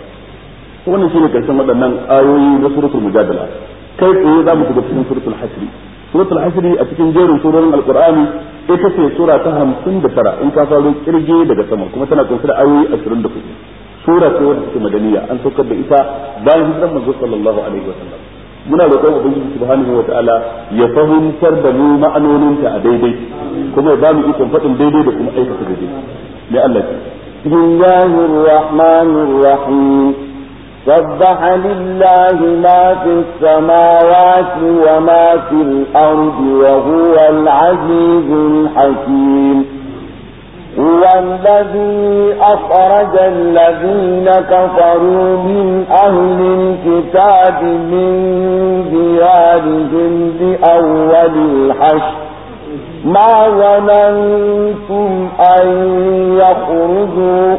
wannan shine karshen waɗannan ayoyi na suratul mujadala kai tsaye za mu shiga cikin suratul hasri suratul asri a cikin jerin surorin alqur'ani ita ce sura ta 59 in ka kirge daga sama kuma tana kunshe da ayoyi 24 sura ce wadda madaniya an saukar da ita bayan hijiran manzo sallallahu alaihi wasallam muna roƙon ubangiji subhanahu wataala ya fahimtar da mu ma'anoninta a daidai kuma ya bamu ikon faɗin daidai da kuma aikata daidai ya Allah سبح لله ما في السماوات وما في الأرض وهو العزيز الحكيم هو الذي أخرج الذين كفروا من أهل الكتاب من ديارهم لأول الحشر ما ظننتم أن يخرجوا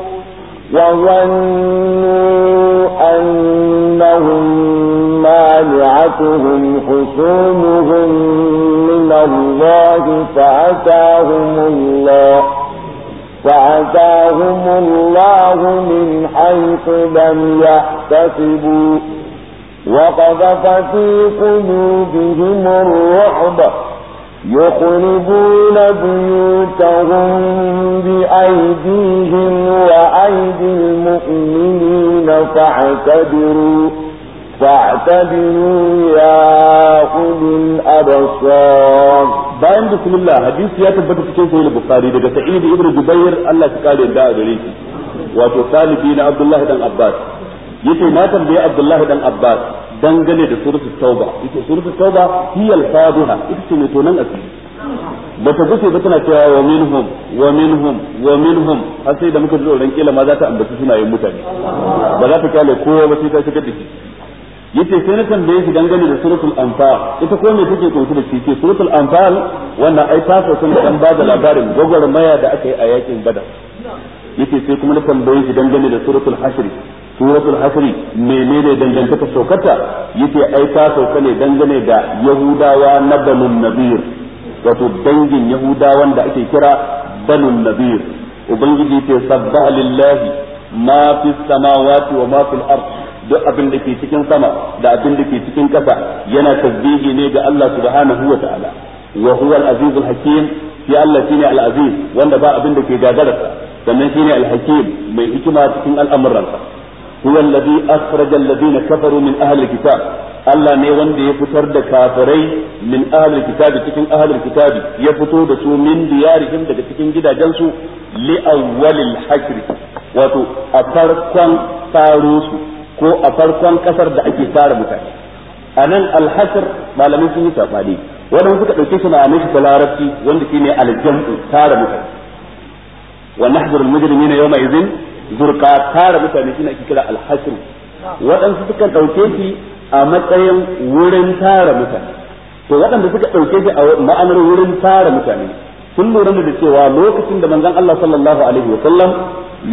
وظنوا أنهم مانعتهم خصومهم من الله فأتاهم الله فأتاهم الله من حيث لم يحتسبوا وقذف في قلوبهم الرعب يخرجون بيوتهم بأيديهم وأيدي المؤمنين فاعتبروا فاعتبروا يا أولي الأبصار bayan bismillah hadisi ya tabbata cikin sahih bukhari daga sa'id ibn jubair Allah ya kare da gare shi wato talibi na Abdullah dan Abbas yace na tambaye Abdullah dan Abbas dangane da suratul tauba ita suratul tauba hiyal fadiha ita ce mai tonan asiri ba ta guce ba tana cewa wa minhum wa minhum wa minhum har sai da muka ji tsoron kila ma za ta ambaci sunayen mutane ba za ta kyale kowa ba sai ta shiga da shi yace sai na tambaye shi dangane da suratul anfal ita ko me take kunshi da shi ce suratul anfal wannan ai ta sun dan ba da labarin maya da aka yi a yakin badar yace sai kuma na tambaye shi dangane da suratul hashr suratul hasri menene dangantaka saukarta yake ai ta sauka ne dangane da yahudawa na banun nabir wato dangin yahudawan da ake kira banun nabir ubangiji ce sabbaha lillahi ma fi samawati wa ma fil ard duk abin da ke cikin sama da abin da ke cikin kasa yana tasbihi ne ga Allah subhanahu wa ta'ala wa huwa al-aziz al-hakim shi Allah shine al-aziz wanda ba abin da ke gagararsa sannan shine al-hakim mai hikima cikin al'amuransa huwa alladhi akhraja na kafaru min ahli alkitab Allah ne wanda ya fitar da kafirai min ahli kitabi cikin ahli kitabi ya fito da su min diyarihim daga cikin gidajensu li awwalil hashr wato a farkon taro su ko a farkon kasar da ake tara mutane anan alhasr malamin sun yi tafadi wannan suka dauke shi ma'anar shi larabci wanda shine tara mutane wa gurka tara mutane shine ake kira al-hasr waɗansu suka ɗauke shi a matsayin wurin tara mutane to waɗanda suka ɗauke shi a ma'anar wurin tara mutane sun lura da cewa lokacin da manzon Allah sallallahu alaihi wa sallam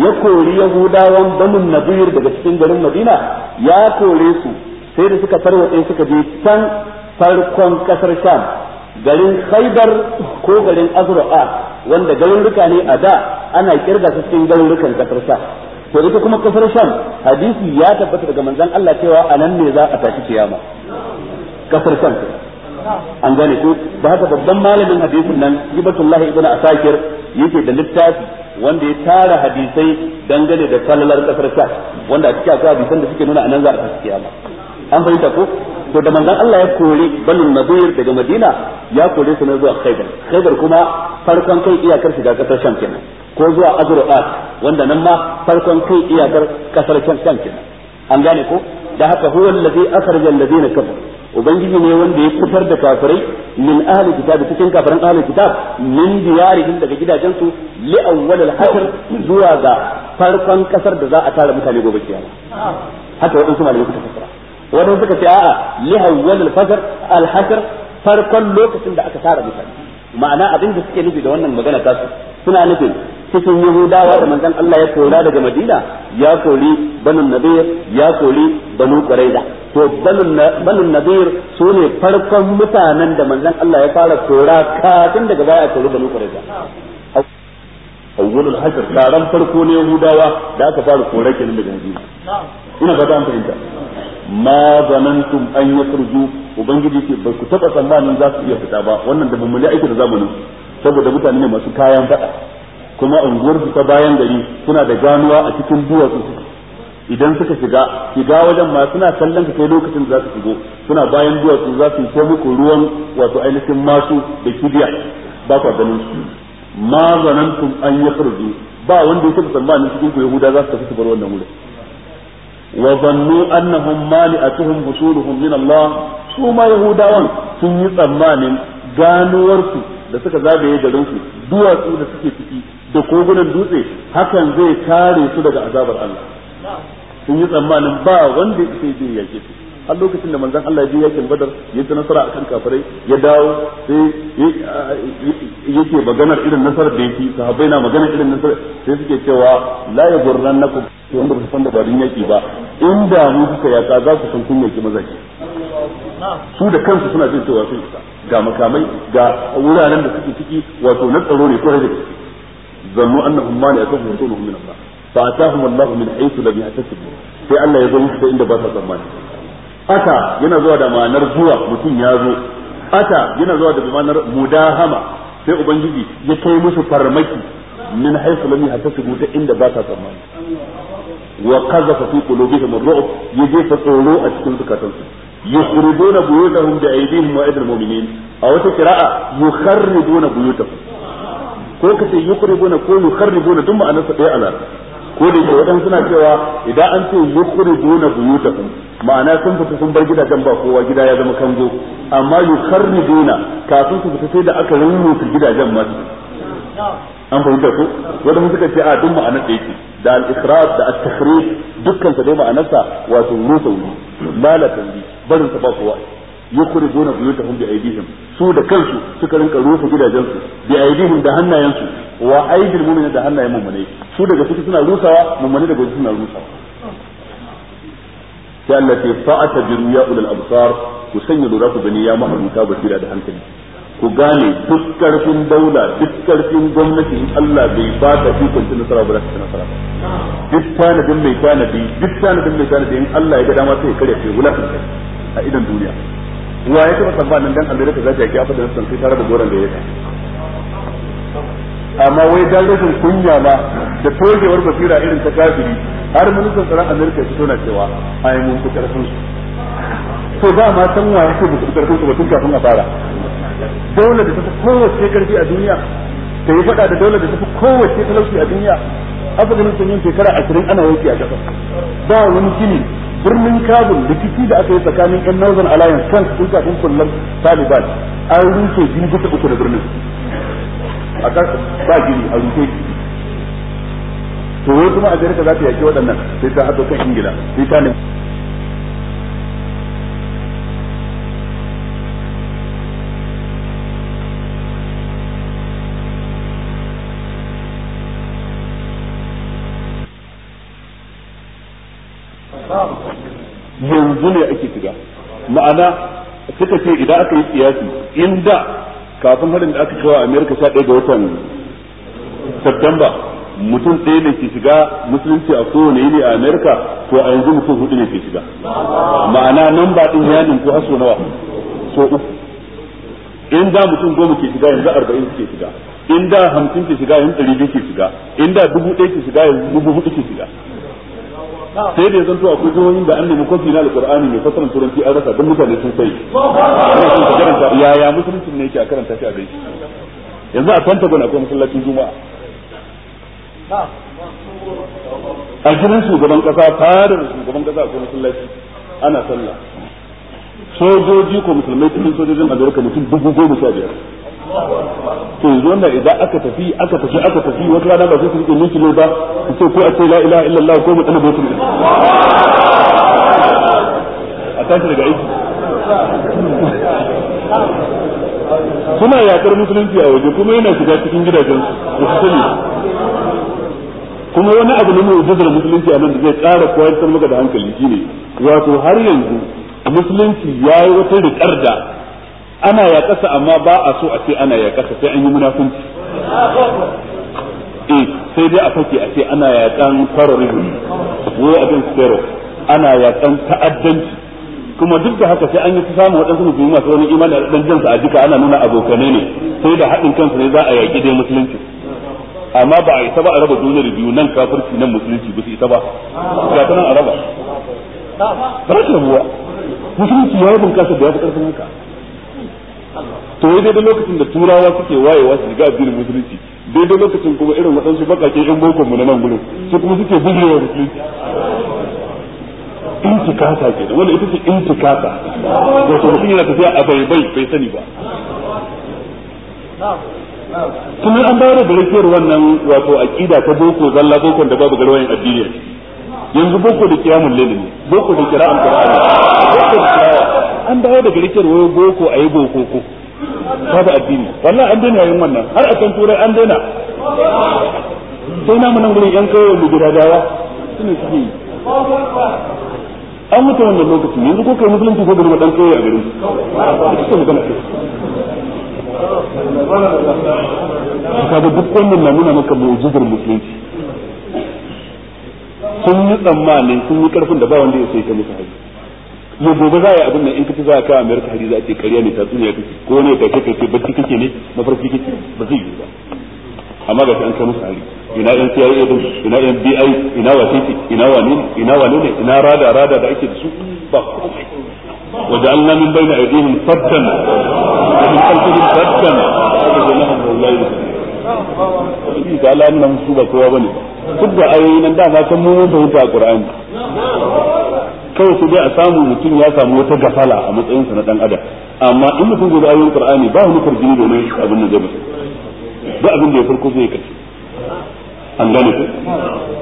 ya kori Yahudawan banin Nadir daga cikin garin Madina ya kore su sai da suka tarwatse suka je can farkon ƙasar Sham garin Khaybar ko garin Azra'a wanda garuruka ne a da ana kirga su cikin garurukan kasar sha to ita kuma kasar sham hadisi ya tabbata daga manzon Allah cewa anan ne za a tashi kiyama kasar sham an gane ko da haka babban malamin hadisin nan ibatullahi ibnu asakir yake da littafi wanda ya tara hadisai dangane da sallalar kasar sha wanda a cikin akwai hadisan da suke nuna anan za a tashi kiyama an fahimta ko to da manzon Allah ya kori banun nadir daga Madina ya kore su na zuwa Khaybar Khaybar kuma farkon kai iyakar shiga kasar Sham kenan ko zuwa Azru'at wanda nan ma farkon kai iyakar kasar Sham kenan an gane ko da haka huwa allazi akhraja allazina kafaru ubangiji ne wanda ya fitar da kafirai min ahli kitab cikin kafiran ahli kitab min diyarihim daga gidajensu li awwal al-hasr zuwa ga farkon kasar da za a tara mutane gobe kiyama haka wadansu malamai suka fassara wani suka ce a'a li hawwal al-fajr al-hasr farkon lokacin da aka tara mutane ma'ana abin da suke nufi da wannan magana ta su suna nufin cikin yahudawa da manzon Allah ya kora daga Madina ya kori banu nadir ya kori banu qurayza to banu nadir su ne farkon mutanen da manzon Allah ya fara kora kafin daga baya kori banu qurayza awwalul hasr taron farko ne yahudawa da aka fara kora kenan daga Madina ina fata an fahimta ma zanantum an yakhruju ubangiji ce ba ku taba tsammanin za su iya fita ba wannan da mummuni aiki da zamanin saboda mutane ne masu kayan fada kuma unguwar su ta bayan gari suna da ganuwa a cikin duwatsu idan suka shiga shiga wajen ma suna kallon ka kai lokacin da za su shigo suna bayan duwatsu za su yi muku ruwan wato ainihin masu da kibiya ba ku ganin su ma zanantum an yakhruju ba wanda ya taba tsammanin cikin ku yahuda za su tafi su bar wannan wurin wa zannu annahum mali'atuhum busuluhum min Allah su ma yahudawan sun yi tsammanin ganuwarsu da suka zagaye garin su duwatsu da suke ciki da kogunan dutse hakan zai kare su daga azabar Allah sun yi tsammanin ba wanda yake zai yake su har lokacin da manzon Allah ya yakin badar ya ta nasara akan kafirai ya dawo sai yake maganar irin nasarar da yake sahabbai na maganar irin nasarar sai suke cewa la yaghurrannakum to wanda ba san dabarun yaki ba inda mu ya yaka za ku san kun yaki mazaki su da kansu suna jin cewa sun ga makamai ga wuraren da suke ciki wato na tsaro ne kwarai da gaske zannu annahum mani'atuhum rasuluhum min Allah fa atahum Allah min haythu lam yahtasib sai Allah ya zo musu inda ba sa tsammani ata yana zuwa da ma'anar zuwa mutum ya zo ata yana zuwa da ma'anar mudahama sai ubangiji ya kai musu farmaki min haythu lam yahtasibu ta inda ba ta tsammani wa qazafa fi qulubihim ar-ru'b ta tsoro a cikin zukatansu يخرجون بيوتهم بأيديهم وأيدي a wata تقراء يخرجون بيوتهم ko kace ce yukribuna ko yukharribuna duk ma'anar sa ɗaya a larabci ko da yake wajen suna cewa idan an ce yukhrijuna buyutahum ma'ana sun fita sun bar gidajen ba kowa gida ya zama kango amma yukharrijuna kafin su fita sai da aka rurrufe gidajen ma an fahimta ko wanda suka ce a duk ma'anar da yake da al-ikhraj da at-takhrij dukkan sa dai ma'anarsa wato rusa wuri lalata wuri barin sa ba kowa yukhrijuna buyutahum bi aydihim su da kansu suka rinka rufe gidajensu bi aydihim da hannayensu wa aydil mu'mina da hannayen mu'minai su daga ciki suna rusawa mu'minai daga ciki suna rusawa sai Allah ce fa'ata bi ya ulul absar ku sanya lura ku gani ya maharuta basira da hankali ku gane duk karfin daula duk karfin gwamnati Allah bai ba ta ikon cin nasara ba za ta nasara ba duk tanadin mai tanadi duk tanadin mai tanadi in Allah ya ga dama sai ya karya sai wulakan a idan duniya wa ya taba nan dan amerika za ta yaki afa da san sai tare da goran da ya amma wai dan rashin kunya ba da tozewar basira irin ta kafiri har ministan tsaron amerika ya fito na cewa ai mun ku karfin su to ba ma san wa ya taba karfin su ba tun kafin a fara dole da ta kowace karfi a duniya ta yi faɗa da dole da ta fi kowace talauci a duniya sun yin shekara 20 ana yauki a kasa ba wani gini birnin kabul rikici da aka yi tsakanin yan northern alliance kan sun kafin kullum taliban an rufe biyu bisa uku da birnin a kan ba gini a rufe to wani kuma jirka za ta yaki waɗannan sai ta haɗo kan ingila sai ta nemi yanzu ne ake shiga ma'ana suka ce idan aka yi siyasi in da kafin harin da aka kawo amerika sha ɗaya ga watan september mutum ɗaya ne ke shiga musulunci a kowane yini a amerika to a yanzu mutum hudu ne ke shiga ma'ana nan ba ɗin ya ninku haso nawa so uku in da mutum goma ke shiga yanzu arba'in ke shiga in da hamsin ke shiga yanzu ɗari biyu ke shiga in da dubu ɗaya ke shiga yanzu dubu hudu ke shiga sai da ya zanto akwai jihohin da an nemi kofi na alkur'ani mai fasaran turanci an rasa don mutane sun sai yaya musuluncin ne yake a karanta shi a gaishe yanzu a pentagon akwai masallacin juma'a a gidan shugaban kasa fadar shugaban kasa akwai masallaci ana sallah sojoji ko musulmai cikin sojojin amerika mutum dubu goma sha biyar to yanzu wannan idan aka tafi aka tafi aka tafi wata rana ba zai su rike miki ba su ce ko a ce la ilaha illallah ko mu dana botul a tashi daga aiki suna yakar musulunci a waje kuma yana shiga cikin gidajen su su sani kuma wani abu ne mu'jizar musulunci a nan da zai ƙara kwayar maka da hankali shine wato har yanzu musulunci ya yi wata rikar da ana ya kasa amma ba a so a ce ana ya kasa sai an yi munafunci eh sai dai a fake a ce ana ya kan terrorism war against terror ana ya kan ta'addanci kuma duk da haka sai an yi ta samun waɗansu musulmi masu wani imani a ɗan jansa a jika ana nuna abokanai ne sai da haɗin kansu ne za a yaƙi dai musulunci amma ba a isa ba a raba duniyar biyu nan kafirci nan musulunci ba su isa ba ga ta nan a raba ba ta rabuwa musulunci ya yi bunƙasa da ya fi ƙarfin haka to wai daidai lokacin da turawa suke wayewa su riga addinin musulunci daidai lokacin kuma irin waɗansu bakake yan boko mu na nan gurin su kuma suke bugewa musulunci intikasa ke da wanda ita ce intikasa su mutum yana tafiya a bai bai sani ba kuma an bayar da rakiyar wannan wato aqida ta boko zalla boko da babu garwayin addini yanzu boko da kiyamul laili ne boko da kira'an qur'ani boko da an dawo daga rikiyar wayo boko a yi boko ko babu addini wallahi an daina yin wannan har a can turai an daina sai namu nan gurin yan kawo da gidadawa sune suke yi an mutu wannan lokaci yanzu ko kai musulunci ko gurma dan kauye a garin ita ce magana ce kaga duk wannan na nuna maka mu'jizar musulunci sun yi tsammanin sun yi karfin da ba wanda ya sai ta musu haji ya gobe za a yi abin nan in kace za ka amerika hari za a ce ne ta tsuniya kake ko ne ka kake ce bacci kake ne mafarki kake ba zai yi ba amma ga an kai musu hari ina yan CIA din ina yan BI ina wasiti ina ne ina wa ne ina rada rada da ake da su ba وجعلنا من بين ايديهم سدا ومن خلفهم سدا فجعلناهم هؤلاء Ubangiji ta ala nuna musu ba kowa bane duk da ayoyi nan dama kan mun fahimta a kawai sai dai a samu mutum ya samu wata gafala a matsayinsa na dan adam amma in mutum gobe ayoyin qur'ani ba wani karjini domin abin da zai musu ba abin da ya farko zai kace an gane ku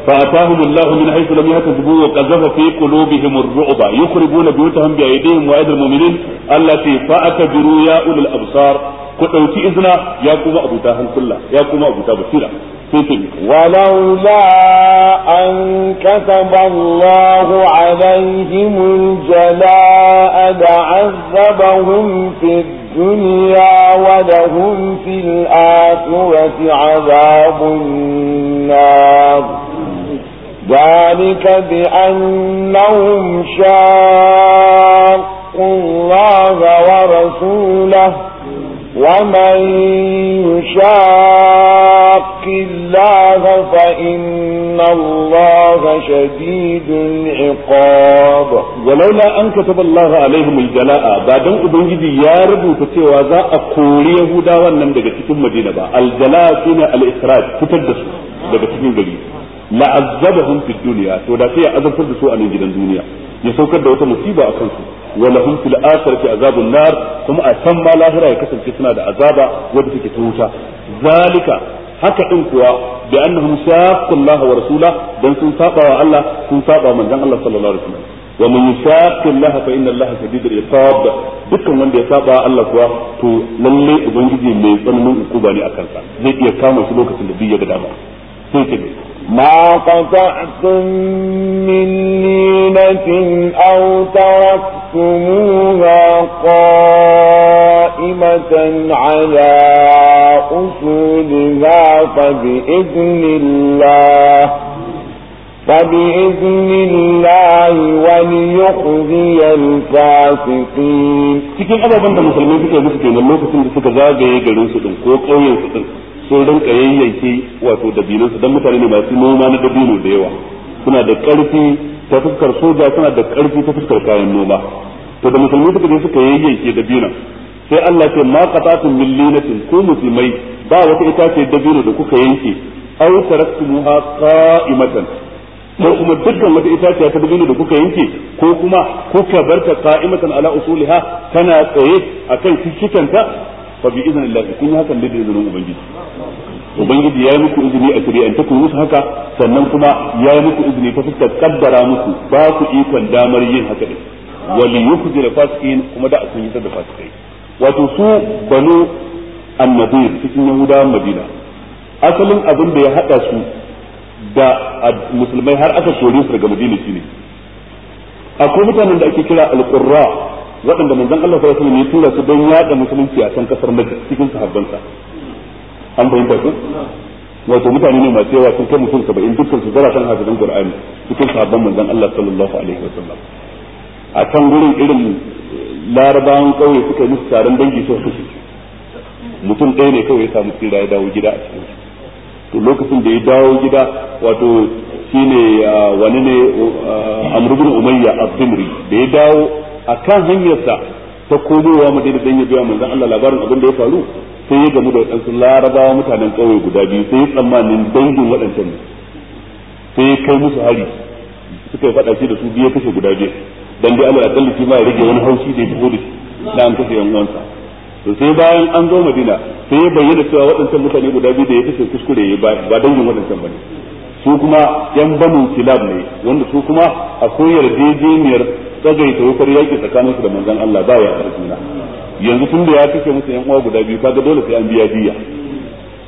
fa atahum Allah min haythu lam yahtasabu wa qadhafa fi qulubihim ar-ru'ba yukhribuna buyutahum bi aydihim wa aydil mu'minin allati fa'akbiru ya ulul absar ku dauki izna ya kuma abuta hankula ya kuma abuta basira ولولا أن كتب الله عليهم الجلاء لعذبهم في الدنيا ولهم في الآخرة عذاب النار ذلك بأنهم شاقوا الله ورسوله ومن يشاق الله فإن الله شديد العقاب ولولا أن كتب الله عليهم الجلاء بعد أن أبنجي يا رب فتوى ذا أقولي يهودا ونم دقتكم مدينة با الجلاء سنة الإخراج فتدسوا دقتكم قليل لعذبهم في الدنيا تودا فيها أذبت سوء من جدا الدنيا ya saukar da wata musiba a kansu wa lahum fil akhirati azabun nar kuma a san ma lahira ya kasance suna da azaba wanda take ta wuta zalika haka din kuwa bi annahum shaqqu Allah wa rasula dan sun saba wa Allah sun saba manzon Allah sallallahu alaihi wasallam wa man yushaqqi fa inna Allah shadidul iqab dukkan wanda ya saba Allah kuwa to lalle ubangiji mai tsananin ukuba ne akan sa zai iya kama shi lokacin da duk ga dama sai ke ما قطعتم من لينة أو تركتموها قائمة على أصولها فبإذن الله فبإذن الله وليخزي الفاسقين cikin ababen da musulmi suke yi suke nan lokacin da suka zagaye garin su din ko ƙauyen su din sun rinka yayyanke wato dabinansu don mutane ne masu noma na dabino da yawa suna da ƙarfi ta fuskar soja suna da ƙarfi ta fuskar kayan noma to da musulmi suka je suka yayyanke dabinan sai Allah ce ma qatatun min linatin ku musulmai ba wata itace dabino da kuka yanke aw taraktumuha qa'imatan ko kuma dukkan wata itaciya ta dabino da kuka yanke ko kuma kuka barta qa'imatan ala usuliha tana tsaye akan cikikanta fa bi idnillahi kun hakan da izinin ubangiji ubangiji ya yi muku izini a shari'ance ku musu haka sannan kuma ya yi muku izini ta fuskar kaddara muku ba ku ikon damar yin haka ne wali yukhzir fasiqin kuma da a sun yi da fasikai wato su banu annabi cikin yahuda madina asalin abin da ya hada su da musulmai har aka kore su daga madina shine akwai mutanen da ake kira alqurra waɗanda manzon Allah sallallahu alaihi wasallam ya tura su don yada musulunci a kan kasar Madina cikin sa an ta ku wato mutane ne masu yawa sun kai mutum 70 dukkan su zaratan hadisin Qur'ani cikin sahabban manzon Allah sallallahu alaihi wasallam a kan gurin irin larabawan kauye suka yi musu taron dangi sun kashe mutum ɗaya ne kawai ya samu tsira ya dawo gida a cikin to lokacin da ya dawo gida wato shine ah, wani ne ah, Amr Umayya Abdimri da ya dawo a kan hanyarsa ta komowa madina dan ya biya manzon Allah labarin abin da ya faru sai ya gamu da wadansu larabawa mutanen ƙauye guda biyu sai ya tsammanin dangin waɗancan ne sai ya kai musu hari suka yi faɗa da su biyu kashe guda biyu dan dai Allah ya kalli shi ma ya rage wani haushi da ya fito da shi da an kashe yan to sai bayan an zo madina sai ya bayyana cewa waɗancan mutane guda biyu da ya kashe kuskure ya ba dangin waɗancan ne su kuma yan banu kilab ne wanda su kuma akwai yarjejeniyar ta wukar yaki tsakanin su da manzon Allah ba ya yanzu tun da ya kace musu yan uwa guda biyu kaga dole sai an biya diya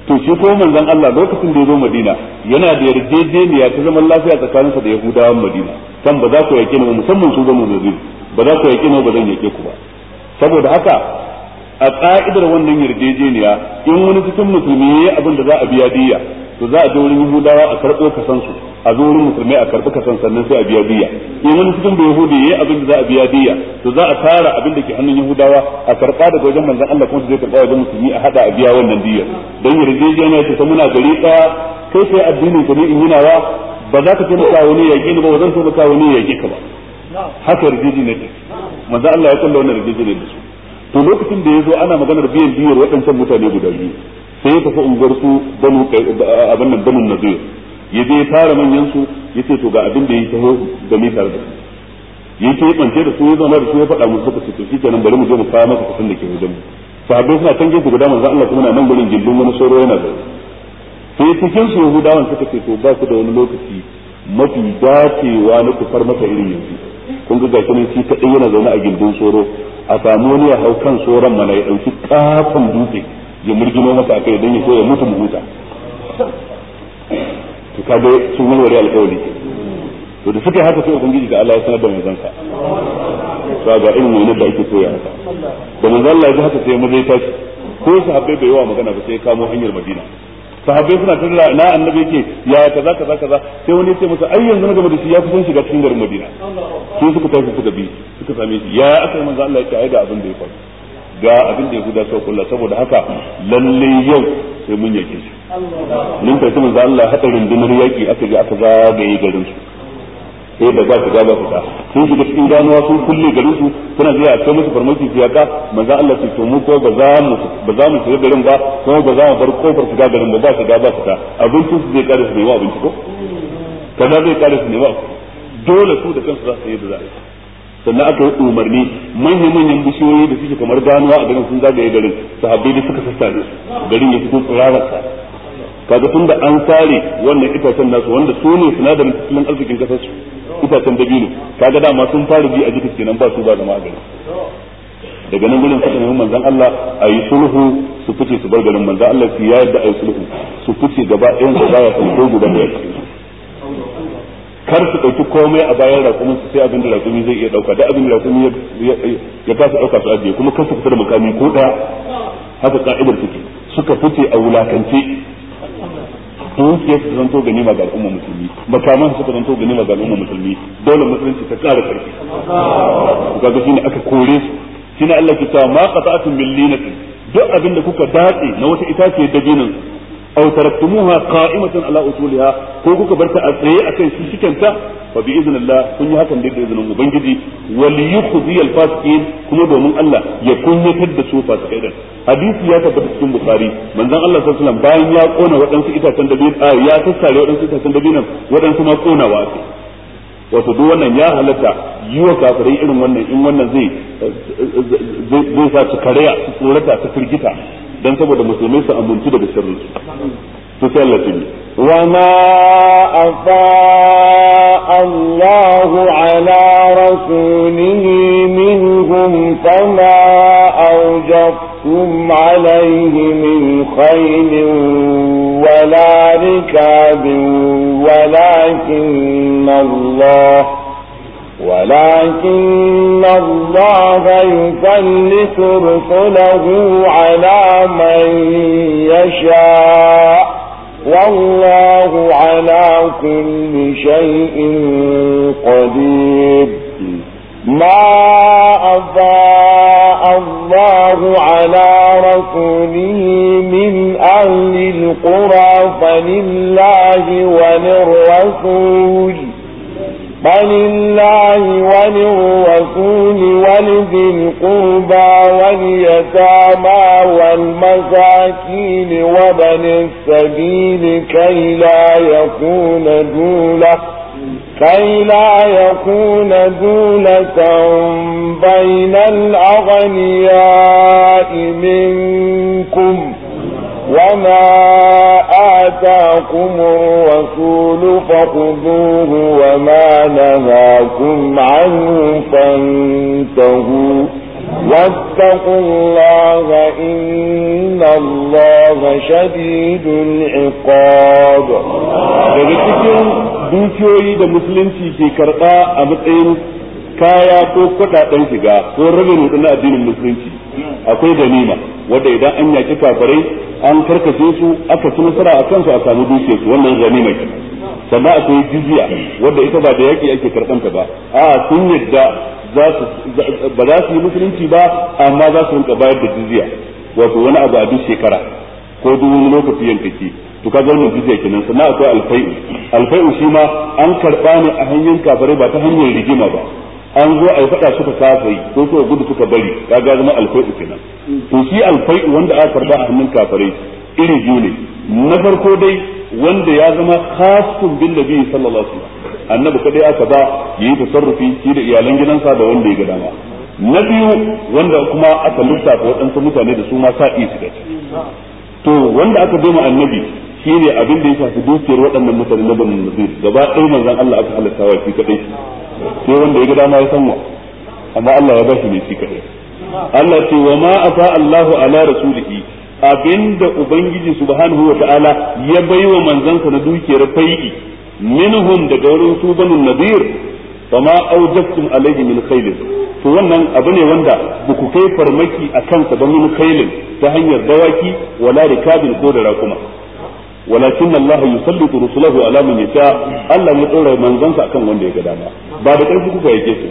to shi ko manzon Allah lokacin da ya zo Madina yana da yarjejeniya ta zaman lafiya tsakanin sa da Yahudawan Madina kan ba za ku yake ni musamman su ga mu ba za ku yake ni ba zan yake ku ba saboda haka a ka'idar wannan yarjejeniya in wani cikin musulmi yayi abin da za a biya diya to za a je wurin yahudawa a karɓo kasan su a zo wurin musulmai a karɓi kasan sannan sai a biya diya in wani cikin da yahudi yayi abin da za a biya diya to za a tara abin da ke hannun yahudawa a karɓa daga wajen manzon Allah kuma zai karɓa wajen musulmi a hada a biya wannan diyar dan yarjejeniya ce ta muna gari ɗaya kai sai addinin ka ne in yi nawa, ba za ka taimaka wani yaƙi ba ba zan taimaka wani yaƙi ka ba haka yarjejeniya ce manzon Allah ya kulla wannan yarjejeniya da su to lokacin da ya zo ana maganar biyan biyar waɗancan mutane guda biyu sai ya tafi unguwar su banu abin nan banu nazir ya je ya tara manyan su ya ce to ga abin da ya taho game tare da su ya ce ya ɓance da su ya zama da su ya faɗa musu suka ce to shi kenan bari mu je mu kawo masa kusan da ke wajen mu sahabbai suna can gefe guda manzo Allah kuma na nan gurin gindin wani soro yana da sai cikin su Yahudawan suka ce to ba ku da wani lokaci mafi dacewa na kufar masa irin yanzu kun ga gashi ne shi kadai yana zaune a gindin soro a samu wani ya hau kan tsoron mana ya ɗauki kafin dutse ya murgino masa akai don ya so ya mutu mu huta to kaga sun alƙawari to da suka yi haka sai ubangiji Allah ya sanar da sa to da ake haka da Allah bai yawa magana ba sai ya kamo hanyar Madina sahabbai suna na annabi yake ya kaza kaza kaza sai wani ya ce masa ai yanzu na gaba da shi ya kusan shiga cikin garin Madina sai suka tashi suka bi suka same shi ya aka yi manzo Allah ya ga abin da ya faru ga abin da ya Yahuda suka kulla saboda haka lalle yau sai mun yake su mun fahimci manzo Allah hada rundunar yaki aka ga aka zagaye garin su sai da za ku ga ba fita sun shiga cikin ganuwa sun kulle garin su suna zuwa a kai musu farmaki su yaka manzo Allah ce to mu ko ba za mu ba za mu shiga garin ba ko ba za mu bar kofar ga garin ba ba shiga ba fita abincin su zai kare su ne wa abinci ko kaza zai kare su ne wa dole su da kansu za su yi da za a yi sannan aka yi umarni manyan manyan bishiyoyi da suke kamar ganuwa a garin sun zagaye garin sahabbai da suka sassa ne garin ya fito tsirararsa kaga tun da an sare wannan itacen nasu wanda su ne sinadarin tattalin arzikin kasar su itacen dabino kaga dama sun fara bi a jikin kenan ba su ba zama a garin daga nan gudun suka nemi manzon Allah a yi sulhu su fice su bar garin manzon Allah su yadda a yi sulhu su fice gaba ɗayan su baya san ko guda da kar su ɗauki komai a bayan raƙumin su sai abin da raƙumi zai iya ɗauka da abin da raƙumi ya su ɗauka su ajiye kuma kar su fita da makami ko ɗaya haka ka'idar suke suka fice a wulakance dukiyar su zanto ganima ga al'umma musulmi makaman su suka zanto ganima ga al'umma musulmi dole musulunci ta ƙara ƙarfi kaga shine aka kore su shine Allah ke cewa ma qata'atun min linatin duk abin da kuka datse na wata itace da ginin aw taraktumuha qa'imatan ala usuliha ko kuka barta a tsaye akan shi shikanta fa bi iznillah kun yi hakan da izinin ubangiji wal yukhzi al fasiqin kuma domin Allah ya kunyatar da su fasikai hadisi ya tabbata cikin bukhari manzon Allah sallallahu alaihi wasallam bayan ya kona wadansu itacen da ya sassare wadansu itacen da binan wadansu ma konawa wato duk wannan ya halatta yi irin wannan in wannan zai sa su su tsorata su firgita don saboda musulmai su amintu daga sharri to sai Allah ya wa ma afa Allahu ala rasulihi minhum fama awjabtum alayhi min khayrin wala rikabin walakin Allah ولكن الله يسلس رسله على من يشاء والله على كل شيء قدير ما أضاء الله على رسوله من أهل القرى فلله وللرسول بل الله وللرسول ولذي القربى واليتامى والمساكين وبن السبيل كي لا يكون دولة كي لا يكون دولة بين الأغنياء منكم وما آتاكم الرسول فخذوه وما نهاكم عنه فانتهوا واتقوا الله إن الله شديد العقاب daga cikin dukiyoyi da musulunci ke karɓa a matsayin kaya ko kuɗaɗen shiga ko rabin na addinin musulunci akwai ganima wanda idan an yaki kafirai an karkace su aka ci nasara a kansu a samu dukiya su wannan ganima mai sannan akwai jizya wanda ita ba da yaki ake karɓanta ba a sun yadda ba za su yi musulunci ba amma za su rinka bayar da jizya wato wani abu a duk shekara ko duk wani lokaci yankaki to ka ga wannan jizya kenan sannan akwai alfai'u alfai'u shi ma an karɓa ne a hanyar kafirai ba ta hanyar rigima ba an zo a yi faɗa suka kasa yi ko suka gudu suka bari ga zama alfai'u kenan to shi alfai'u wanda aka karba a hannun kafirai iri biyu ne na farko dai wanda ya zama khasun bin nabi sallallahu alaihi wasallam annabi kadai aka ba yayi tasarrufi shi da iyalan gidansa da wanda ya ga dama na biyu wanda kuma aka lissafa waɗansu mutane da su ma sa'i su to wanda aka bai annabi shine abin da ya shafi dukiyar waɗannan mutane na banin nasir gaba ɗaya manzon Allah aka halatta wa shi kadai sai wanda ya ga dama ya san wa amma Allah ya bashi ne shi kaɗai. Allah ce wa ma afa Allahu ala rasulihi abinda ubangiji subhanahu wa ta'ala ya baiwa manzansa na dukiyar fai'i minhum daga wurin su banu nadir fama aujabtum alaihi min khailin to wannan abu ne wanda ba ku kai farmaki a kansa don wani kailin ta hanyar dawaki wala rikabin ko da rakuma walakin Allah yusallitu rusulahu ala man yasha Allah ya tsora manzansa akan wanda ya ga dama ba da karfi kuka yake su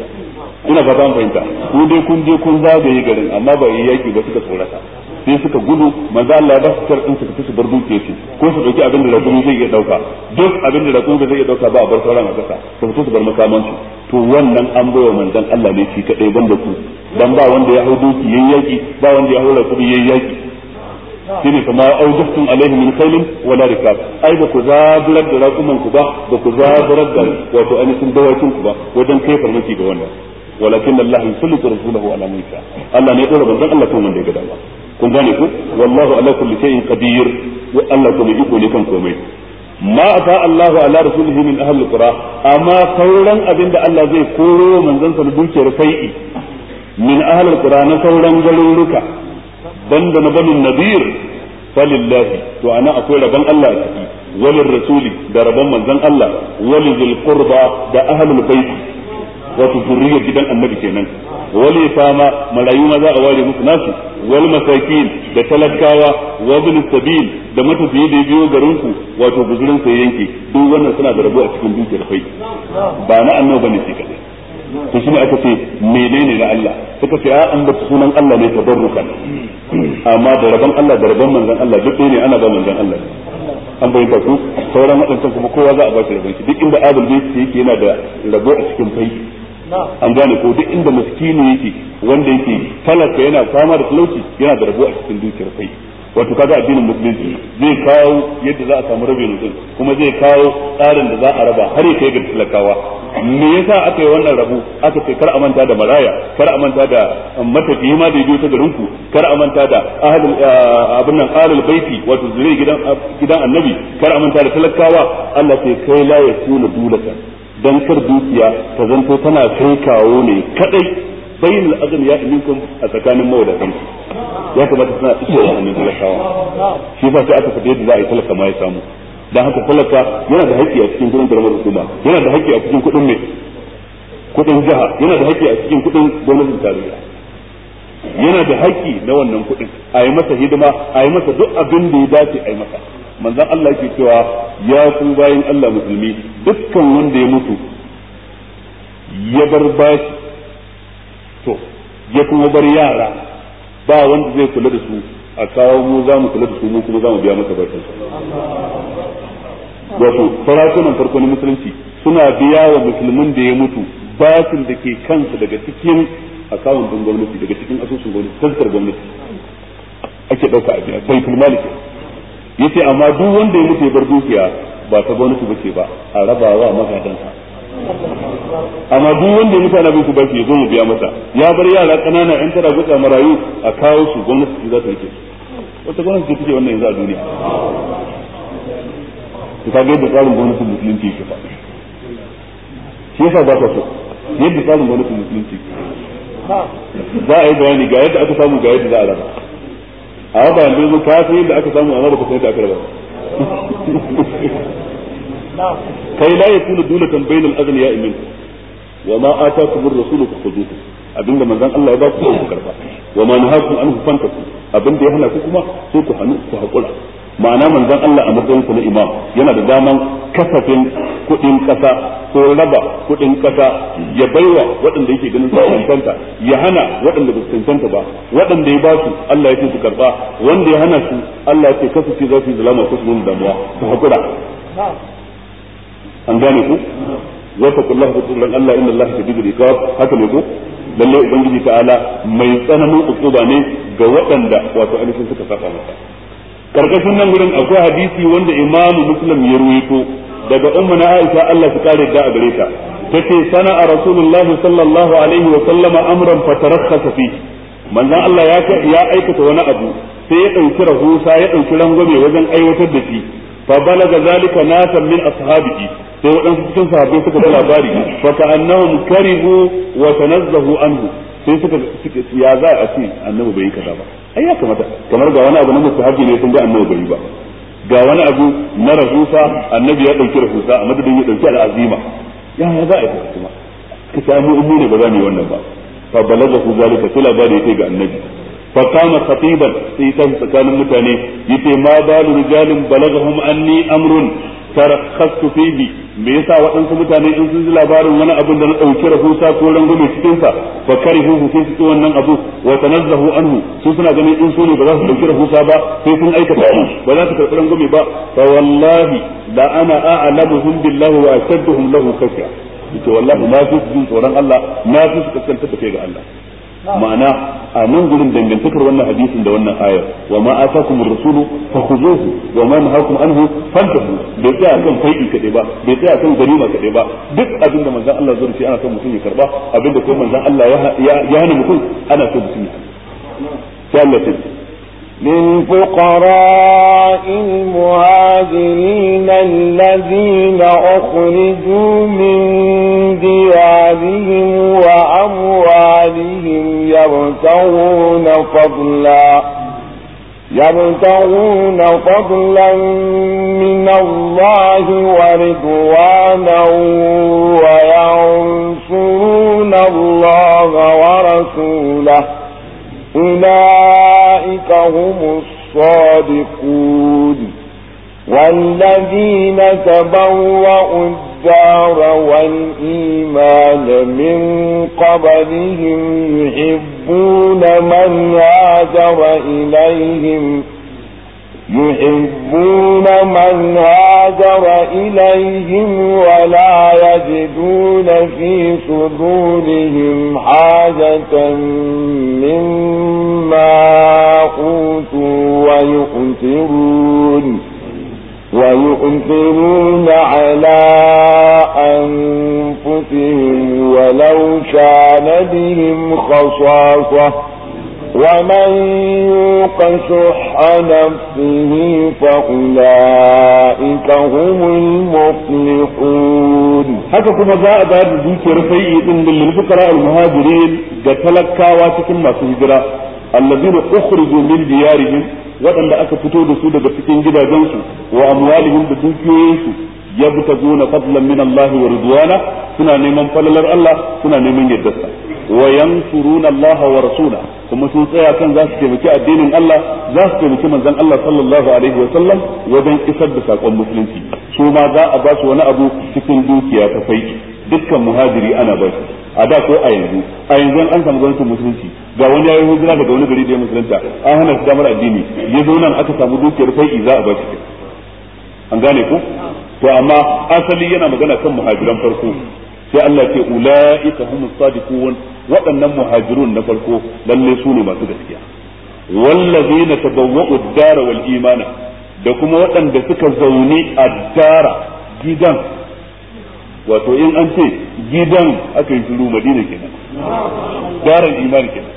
ina fata an fahimta ku dai kun je kun zagaye garin amma ba yi yaki ba suka tsorata sai suka gudu manzo Allah ya ba su karin su tafi su bar dukiyar su ko su dauki abin da rakumi zai iya dauka duk abin da rakumi zai iya dauka ba a bar sauran a kasa su fito su bar makaman su to wannan an bayo manzon Allah ne shi kadai da ku dan ba wanda ya hau duki yaki ba wanda ya hau rakumi yaki shine kama aujuftum alaihi min qailin wala rikab ai ba ku zaburar da rakuman ku ba ba ku zaburar da wato ainihin dawakin ku ba wajen kai farmaki ga wannan walakin Allah yusallitu rasulahu ala man Allah ne dora banzan Allah kuma da ya gada ba kun gane ku wallahu ala kulli shay'in qadir wa Allah kuma iko ne kan komai ma ata Allahu ala rasulihi min ahli qura amma sauran abinda Allah zai koro manzon sa dukiyar fai'i min ahli qura na sauran garuruka banda na banin nadir falillahi to ana akwai rabon Allah a ciki rasuli da rabon manzon Allah walil zil qurba da ahlul bait wato zurriyar gidan annabi kenan wali fama marayu maza a ware muku nasu wal masakin da talakawa wabin sabil da matafiye da biyo garinku wato guzurin sai yanke duk wannan suna da rabo a cikin dukiyar fai ba na annabi bane shi kadai to shine aka ce menene da Allah suka ce a ah, an bata sunan Allah ne tabarrukan amma da rabon Allah da rabon manzon Allah duk ne ana ba manzon Allah an bayyana su sauran wadannan kuma kowa za a ba shi rabon shi duk inda abul baiti yake yana da rabo a cikin fai an gane ko duk inda miskini yake wanda yake talaka yana fama da talauci yana da rabo a cikin dukiyar fai wato kaga addinin musulunci zai kawo yadda za a samu rabin mutum kuma zai kawo tsarin da za a raba har ya kai ga talakawa me yasa aka yi wannan rabu aka ce kar a manta da maraya kar a manta da matafiyi ma da ya ta garin ku kar a manta da ahlul eh, abin nan ahlul baiti wato zuri gidan gidan annabi kar a manta da talakawa Allah sai kai la yakunu dulatan dan kar dukiya ta zanto tana kai kawo ne kadai bayin al'azam ya minkum a tsakanin mawadatan ya kamata suna tsaye da hannun talakawa shi ba sai aka fadi yadda za a yi talaka ma ya samu da haka falaka yana da haƙƙi a cikin gurin karamar hukuma yana da haƙƙi a cikin kuɗin mai kuɗin jaha yana da haƙƙi a cikin kuɗin gwamnatin tarayya yana da haƙƙi na wannan kuɗin a yi masa hidima a yi masa duk abin da ya dace a yi masa manzon Allah ke cewa ya ku bayin Allah musulmi dukkan wanda ya mutu ya bar bashi to ya kuma bar yara ba wanda zai kula da su a kawo mu za mu kula da su mu kuma za mu biya masa barkansu wato sarakunan farko na musulunci suna biya wa musulmin da ya mutu basin da ke kansu daga cikin akawun din gwamnati daga cikin asusun gwamnati tantar gwamnati ake ɗauka a biya baitul ya yace amma duk wanda ya mutu ya bar dukiya ba ta gwamnati ba ce ba a rabawa magadansa amma duk wanda ya mutane bin ku baki ya zo mu biya masa ya bar yara kanana yan tara gutsa marayu a kawo su gwamnati za ta rike su wata gwamnati ce take wannan yanzu a duniya to kaga yadda tsarin gwamnatin musulunci yake fa shi yasa ba ka so yadda tsarin gwamnatin musulunci za a yi bayani ga yadda aka samu ga yadda za a raba a ba yanzu zo ka san yadda aka samu amma baka san yadda aka raba kai la yakunu dulatan bainal aghniya minkum wa ma atakum ar-rasulu fakhuduhu abinda manzon Allah ya ba ku ku karba wa ma nahakum anhu fantaku abinda ya hana ku kuma sai ku hanu ku hakura ma'ana manzon Allah a matsayin sa na imam yana da daman kasafin kuɗin kasa ko raba kuɗin kasa ya baiwa waɗanda yake ganin su cancanta ya hana waɗanda ba su cancanta ba waɗanda ya ba su Allah ya ce su karba wanda ya hana su Allah ya ce kasu ce za su yi zalama ko su nuna damuwa su hakura an gane ku wata kullahu da tsoron Allah inna Allah shadidul iqab haka ne ku lalle ubangiji ta'ala mai tsananin ukuba ne ga waɗanda wato alifin suka saba masa karkashin nan gurin akwai hadisi wanda imamu muslim ya ruwaito daga ummu na aisha Allah ta kare da a gare ta tace sana a rasulullah sallallahu alaihi wa sallama amran fatarakhasa fi manzon Allah ya ya aikata wani abu sai ya dauki rahusa ya dauki rangwame wajen aiwatar da shi fa balaga zalika natan min ashabihi sai waɗansu cikin sahabbai suka ji labari fa ka'annahum karihu wa tanazzahu anhu sai suka ya za a ce annabi bai kaza ba ai ya kamata kamar ga wani abu na haji ne sun ga annabi bai ba ga wani abu na rahusa annabi ya dauki rahusa a madadin ya dauki al'azima ya ya za a yi kuma ka samu ummu ne ba za mu yi wannan ba fa balagha zalika sai labari ya kai ga annabi fa qama khatiban sai ta tsakanin mutane yace ma balu rijalin balagahum anni amrun tarakhastu fihi me yasa waɗansu mutane in sun labarin wani abin da na ɗauki rahusa ko rangume cikin sa fa karihu sai su wannan abu wa tanazzahu anhu su suna ganin in su ne ba za su ɗauki rahusa ba sai sun aikata shi ba za su karɓi rangume ba fa wallahi la ana a'lamuhum wa lahu wallahi na fi tsoron Allah na fi su ga Allah ma'ana a nan gurin dangantakar wannan hadisin da wannan ayar wa ma atakum ar-rasulu fakhuzuhu wa ma nahakum anhu fantahu bai tsaya kan fai'i kade ba bai tsaya kan ganima kade ba duk abin da manzon Allah zai ana son mutum ya karba abin da kuma manzon Allah ya ya hana mutum ana son mutum ya sai Allah للفقراء المهاجرين الذين أخرجوا من ديارهم وأموالهم يبتغون فضلا يبتغون فضلا من الله ورضوانا وينصرون الله ورسوله أولئك هم الصادقون والذين تبوأوا الدار والإيمان من قبلهم يحبون من هاجر إليهم يحبون من هاجر إليهم ولا يجدون في صدورهم حاجة مما أوتوا ويؤثرون ويؤثرون على أنفسهم ولو كان بهم خصاصة ومن يوق شح نفسه فأولئك هم المفلحون haka kuma za a bayar da dukiyar fai'i din lil fuqara al ga talakawa cikin masu hijira allazina ukhriju min diyarihim waɗanda aka fito da su daga cikin gidajensu wa amwalihim da dukiyoyinsu yabtaguna fadlan min Allah wa ridwana suna neman falalar Allah suna neman yaddarsa wa yansuruna Allah wa rasulahu kuma sun tsaya kan za su taimaki addinin Allah za su taimaki manzon Allah sallallahu alaihi wa sallam wajen isar da sakon musulunci su ma za a ba su wani abu cikin dukiya ta faiki dukkan muhajiri ana ba su a da ko a yanzu a yanzu an samu gwamnatin musulunci ga wani yayin hijira daga wani gari da ya musulunta an hana su damar addini ya zo nan aka samu dukiyar faiki za a ba su an gane ko to amma asali yana magana kan muhajiran farko sai Allah ce ulaika humus sadiqun waɗannan muhajirun na farko lalle su ne masu gaskiya wallazina tabawwa'u ad-dara wal imana da kuma waɗanda suka zaune a dara gidan wato in an ce gidan aka yi shiru madina kenan darar iman kenan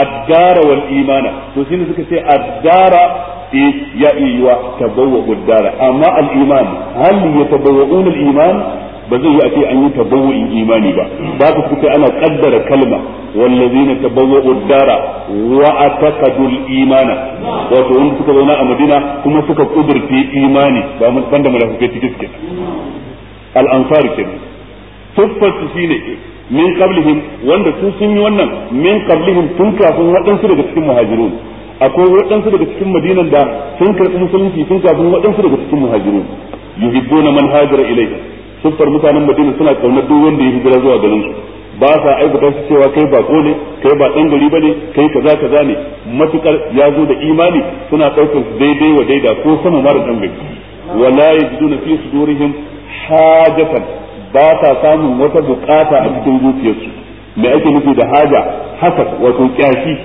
ad-dara wal imana to shine suka ce ad-dara eh, ya iya yiwa tabawwa'u ad-dara amma al-iman hal yatabawwa'una al-iman ba zai yi a ce an yi tabawu'in imani ba ba ku kuka ana kaddara kalma wallazina tabawwa'u dara wa atakadul imana wato wanda suka zauna a Madina kuma suka kudurce imani ba mun banda munafikai cikin suke al ansar kenan tuffatu shine min qablihim wanda su sun yi wannan min qablihim tun kafin waɗansu daga cikin muhajirun akwai waɗansu daga cikin madinan da sun karɓi musulunci tun kafin waɗansu daga cikin muhajirun yuhibbuna man hajara ilayhi siffar mutanen madina suna kaunar duk wanda ya hijira zuwa garin su ba sa aikata su cewa kai ba ne kai ba dan gari bane kai kaza kaza ne matukar ya zo da imani suna daukar su daidai wa daida ko sama mara dan gari wala yajiduna fi sudurihim hajatan ba ta samun wata bukata a cikin zuciyarsu me ake nufi da haja hasad wato kyashi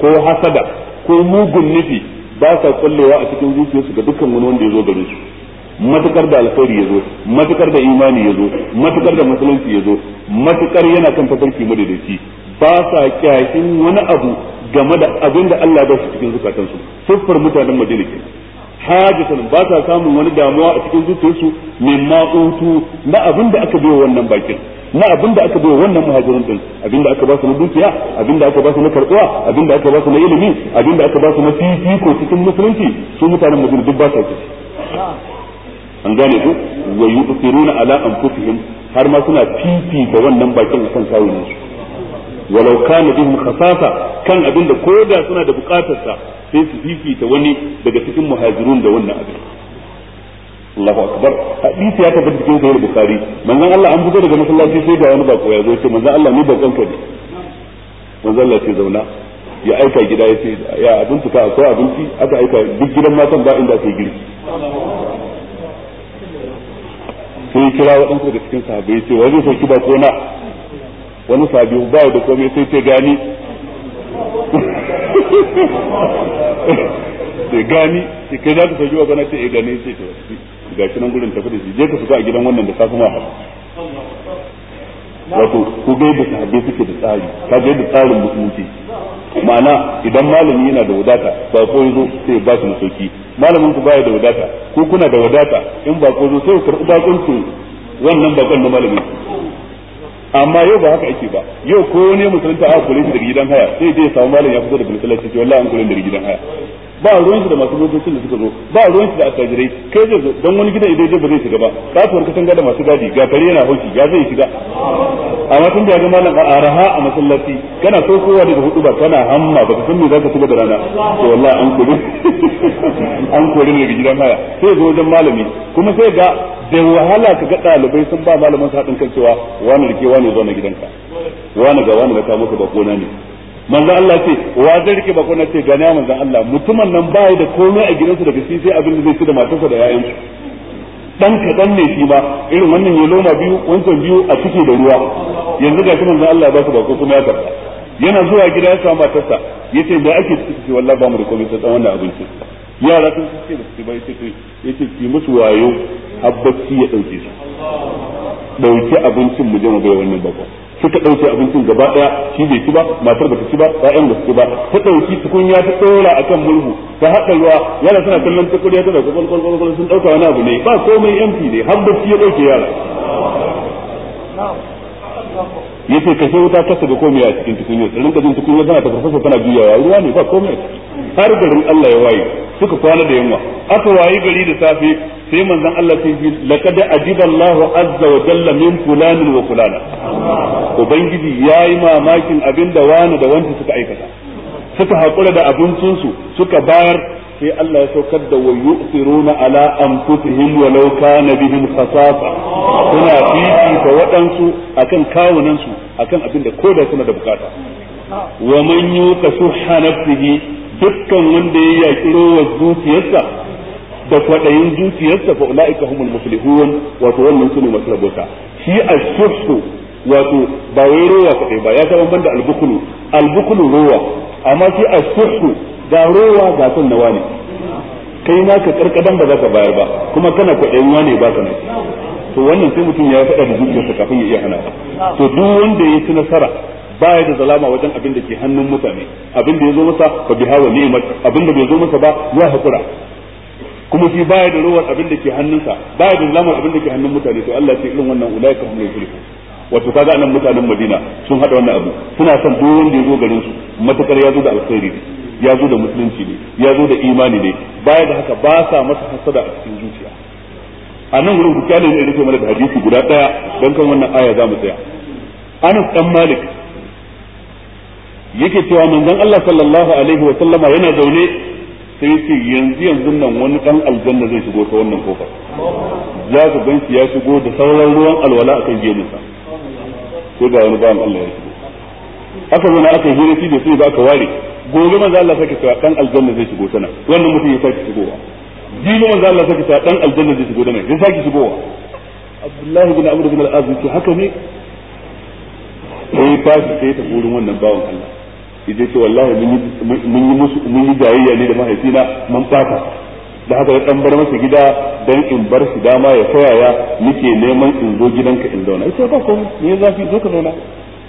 ko hasada ko mugun nufi ba sa kullewa a cikin zuciyarsu ga dukkan wani wanda ya zo garin su matukar da alkhairi yazo matukar da imani yazo matukar da musulunci yazo matukar yana kan tafarki madaidaici ba sa kyakin wani abu game da abin da Allah ba su cikin zukatansu siffar mutanen madina kenan hajatan ba sa samun wani damuwa a cikin zuciyarsu ne ma utu na abin da aka biyo wannan bakin na abin da aka biyo wannan muhajirin din abin da aka ba su na dukiya abin da aka ba su na karbuwa abin da aka ba su na ilimi abin da aka ba su na fifiko cikin musulunci su mutanen madina duk ba sa ciki an gane ku wa yusiruna ala anfusihim har ma suna fifita wannan bakin akan kawunan su walau kana bihim khasasa kan abin da koda suna da bukatarsa sai su fifita wani daga cikin muhajirun da wannan abin Allahu akbar hadisi ya tabbata cikin sahih bukhari manzon Allah an buga daga masallaci sai da wani bako ya zo ce manzon Allah ni bakon ka ne manzon Allah ce zauna ya aika gida ya ce ya abin ka akwai abinci aka aika duk gidan matan ba inda aka yi girki sai kira waɗansu daga cikin sahabbai sai wani sai kiba ko na wani sahabi ba da komai sai ce gani sai (laughs) eh, gani sai kai za ka sauki wa gana sai gani sai ta wasu ga shi nan gudun tafi da shi je ka fita a gidan wannan da ka kuma wato ku gai da sahabbai suke da tsari ka gai da tsarin musulunci ma'ana idan malami yana da wadata ba ko yazo sai ba su masauki malamin ku baya da wadata ko kuna da wadata in ba ko zo sai ku karɓi bakon wannan bakon na malami amma yau ba haka ake ba yau ko ne musulunta a kure shi daga gidan haya sai dai ya samu malami ya fito da masallaci ce wallahi an kure daga gidan haya ba ruwan shi da masu motocin da suka zo ba ruwan shi da attajirai kai zai zo don wani gidan idan ba zai shiga ba kasuwar katanga da masu gadi ga kare yana haushi ya zai shiga amma tun da ya zama nan araha a masallaci kana so kowa daga hudu ba kana hamma ba ka san me za ka shiga da rana to wallahi an kore (laughs) an kore daga gidan haya sai zo wajen malami kuma sai ga da wahala ka ga dalibai sun ba malamin sa hadin kan cewa wani rike wani zo na gidanka wani ga wani ga ta musu ba kona ne manzo Allah ce wa zai rike bako na ce ne manzo Allah mutumin nan baya da komai a gidansu daga shi sai abin da zai ci da matarsa da yayansu dan kaɗan ne shi ba irin wannan ya loma biyu wancan biyu a ciki da ruwa yanzu ga manzo manzon Allah ba su bako kuma ya karɓa yana zuwa gida ya samu matarsa yace da ake ciki wallahi ba mu da komai sai dan wannan abinci. yara sun ce da su ba ce yace ki musu wayo abbaci ya dauke su dauki abincin mu je mu bai wannan bako suka ɗauke abincin gaba ɗaya shi bai ci ba matar ba ta ci ba ƴaƴan ba su ci ba ta ɗauki tukunya ta ɗora kan murhu ta haɗa ruwa yana suna kallon ta ya tana kwakwal kwakwal kwakwal sun ɗauka wani abu ne ba komai yanki ne har bacci ya ɗauke yara yace kashe wuta ka shiga komai a cikin tukunya ka rinka jin tukunya tana tafasa tana juyawa ruwa ne ba komai har garin Allah ya waye suka kwana da yamma aka waye gari da safe sai manzon Allah sai ji laqad ajiba Allahu azza wa jalla min fulanin wa fulana ubangiji yayi mamakin abinda wani da wanda suka aikata suka hakura da abincin su suka bayar sai Allah ya saukar da wa yu'thiruna ala anfusihim walau kana bihim khasasa suna fifita waɗansu akan kawunan su akan abin da koda suna da bukata wa man yuqa shuhha nafsihi dukkan wanda ya yaki wa zuciyarsa da kwadayin zuciyarsa fa ulaika humul muflihun wato wannan sune masu rabota shi ashuhu wato ba wai rowa kaɗai ba ya ta banda albukulu albukulu rowa amma shi ashuhu ga rowa ga son na wane kai ma ka karkadan ba za ka bayar ba kuma kana kwaɗayin wane ba ka to wannan sai mutum ya faɗa da zuciyarsa kafin ya iya hana to duk wanda ya ci nasara baya da zalama wajen abin da ke hannun mutane abin da ya zo masa fa biha wa ni'mat abin da bai zo masa ba ya hakura kuma shi baya da ruwan abin da ke hannunsa baya da zalamar abin da ke hannun mutane to Allah ya ce irin wannan ulaika hum yuflihun wato kaga anan mutanen Madina sun hada wannan abu suna son duk wanda ya zo garin su matakar ya zo da alkhairi ya zo da musulunci ne ya zo da imani ne baya da haka ba sa masa hasada a cikin zuciya a nan wurin ku kyale ne rufe mana da hadisi guda ɗaya don kan wannan aya za mu tsaya Anas dan Malik yake cewa manzon Allah sallallahu alaihi wa sallama yana zaune sai ce yanzu yanzu nan wani dan aljanna zai shigo ta wannan kofar za ka gan ya shigo da sauran ruwan alwala akan gemunsa sai ga wani bayan Allah ya shigo aka zo aka hira shi da sai ba ka ware gobe manzo Allah saki cewa dan aljanna zai shigo tana wannan mutum ya sake shigowa jibi manzo Allah saki cewa dan aljanna zai shigo tana ya sake shigowa Abdullahi bin Amr bin al-Azmi to haka ne sai ba shi sai ta gurin wannan bawan Allah yace ce wallahi mun yi musu mun yi jayayya ne da mahaifina mun fata da haka ya dan bar masa gida dan in bar shi dama ya koyaya nake neman in zo gidanka in zauna sai ba komai me zafi zo ka zauna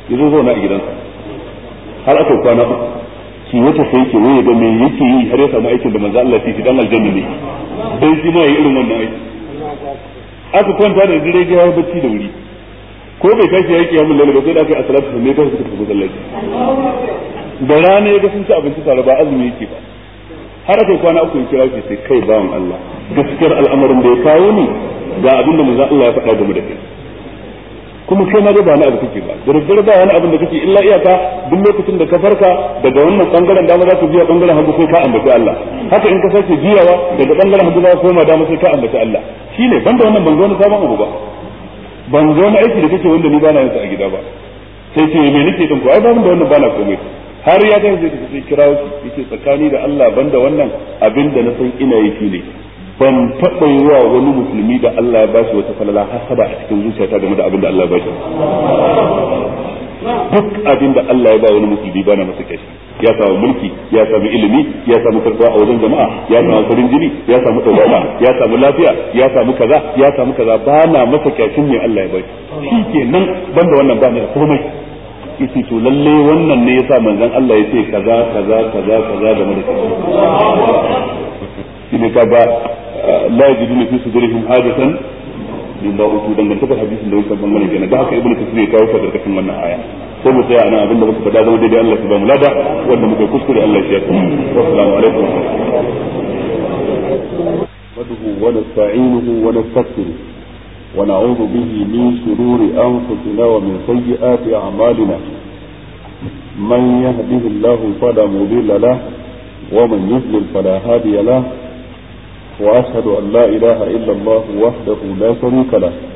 ya zo zauna a gidansa har aka kwana uku shi wata sai ke waye ga mai yake yi har ya samu aikin da manzo Allah ya ce dan aljanna ne dan shi ma yi irin wannan aiki aka kwanta da dare ga ya bacci da wuri ko bai tashi aiki ya mulle ba sai da aka yi salatu ne ta suka tafi Allah da rana ya ga sun ci abinci tare ba azumi yake ba har aka kwana uku ya kira shi sai kai bawan Allah gaskiyar al'amarin da ya kawo ni ga abin da manzo Allah ya faɗa mu da kai kuma kai ma dai ba wani abu kake ba da daddare ba wani abin da kake illa iyaka duk lokacin da ka farka daga wannan bangaren dama za ka biya bangaren hagu ko ka ambaci Allah haka in ka sake biyawa daga bangaren hagu za ka koma dama sai ka ambaci Allah shine ban da wannan ban ga sabon abu ba ban zo na aiki da kake wanda ni ba na yin sa a gida ba sai ce me nake din ko ai babin da wannan ba na komai har ya ga zai tafi kirawo yake tsakani da Allah banda wannan abin da na san ina yi ne ban taɓa yi wa wani musulmi da Allah ya ba shi wata falala hasaba a cikin zuciyata game da abin da Allah ya ba shi duk abin da Allah ya ba wani musulmi ba na masa kashi ya samu mulki ya samu ilimi ya samu karfa a wajen jama'a ya samu farin jini ya samu tsawaita ya samu lafiya ya samu kaza ya samu kaza ba na masa kashin ne Allah ya ba shi ban banda wannan ba ne komai yace to lalle wannan ne yasa manzon Allah ya ce kaza kaza kaza kaza da mulki shine kaga la yajiduna fi sudurihim hajatan mimma utu dangantakar hadisin da wannan bangaren kenan da haka ibnu kasir ya kawo ta cikin wannan aya sai mu tsaya ana abin da muka faɗa zama daidai Allah ya ba mu lada wanda muka kuskure Allah ya kuma wassalamu alaikum madhu wa wa نحمده wa na'udhu bihi min shururi anfusina wa min sayyiati a'malina من يهده الله فلا مضل له ومن يضلل فلا هادي له وأشهد أن لا إله إلا الله وحده لا شريك له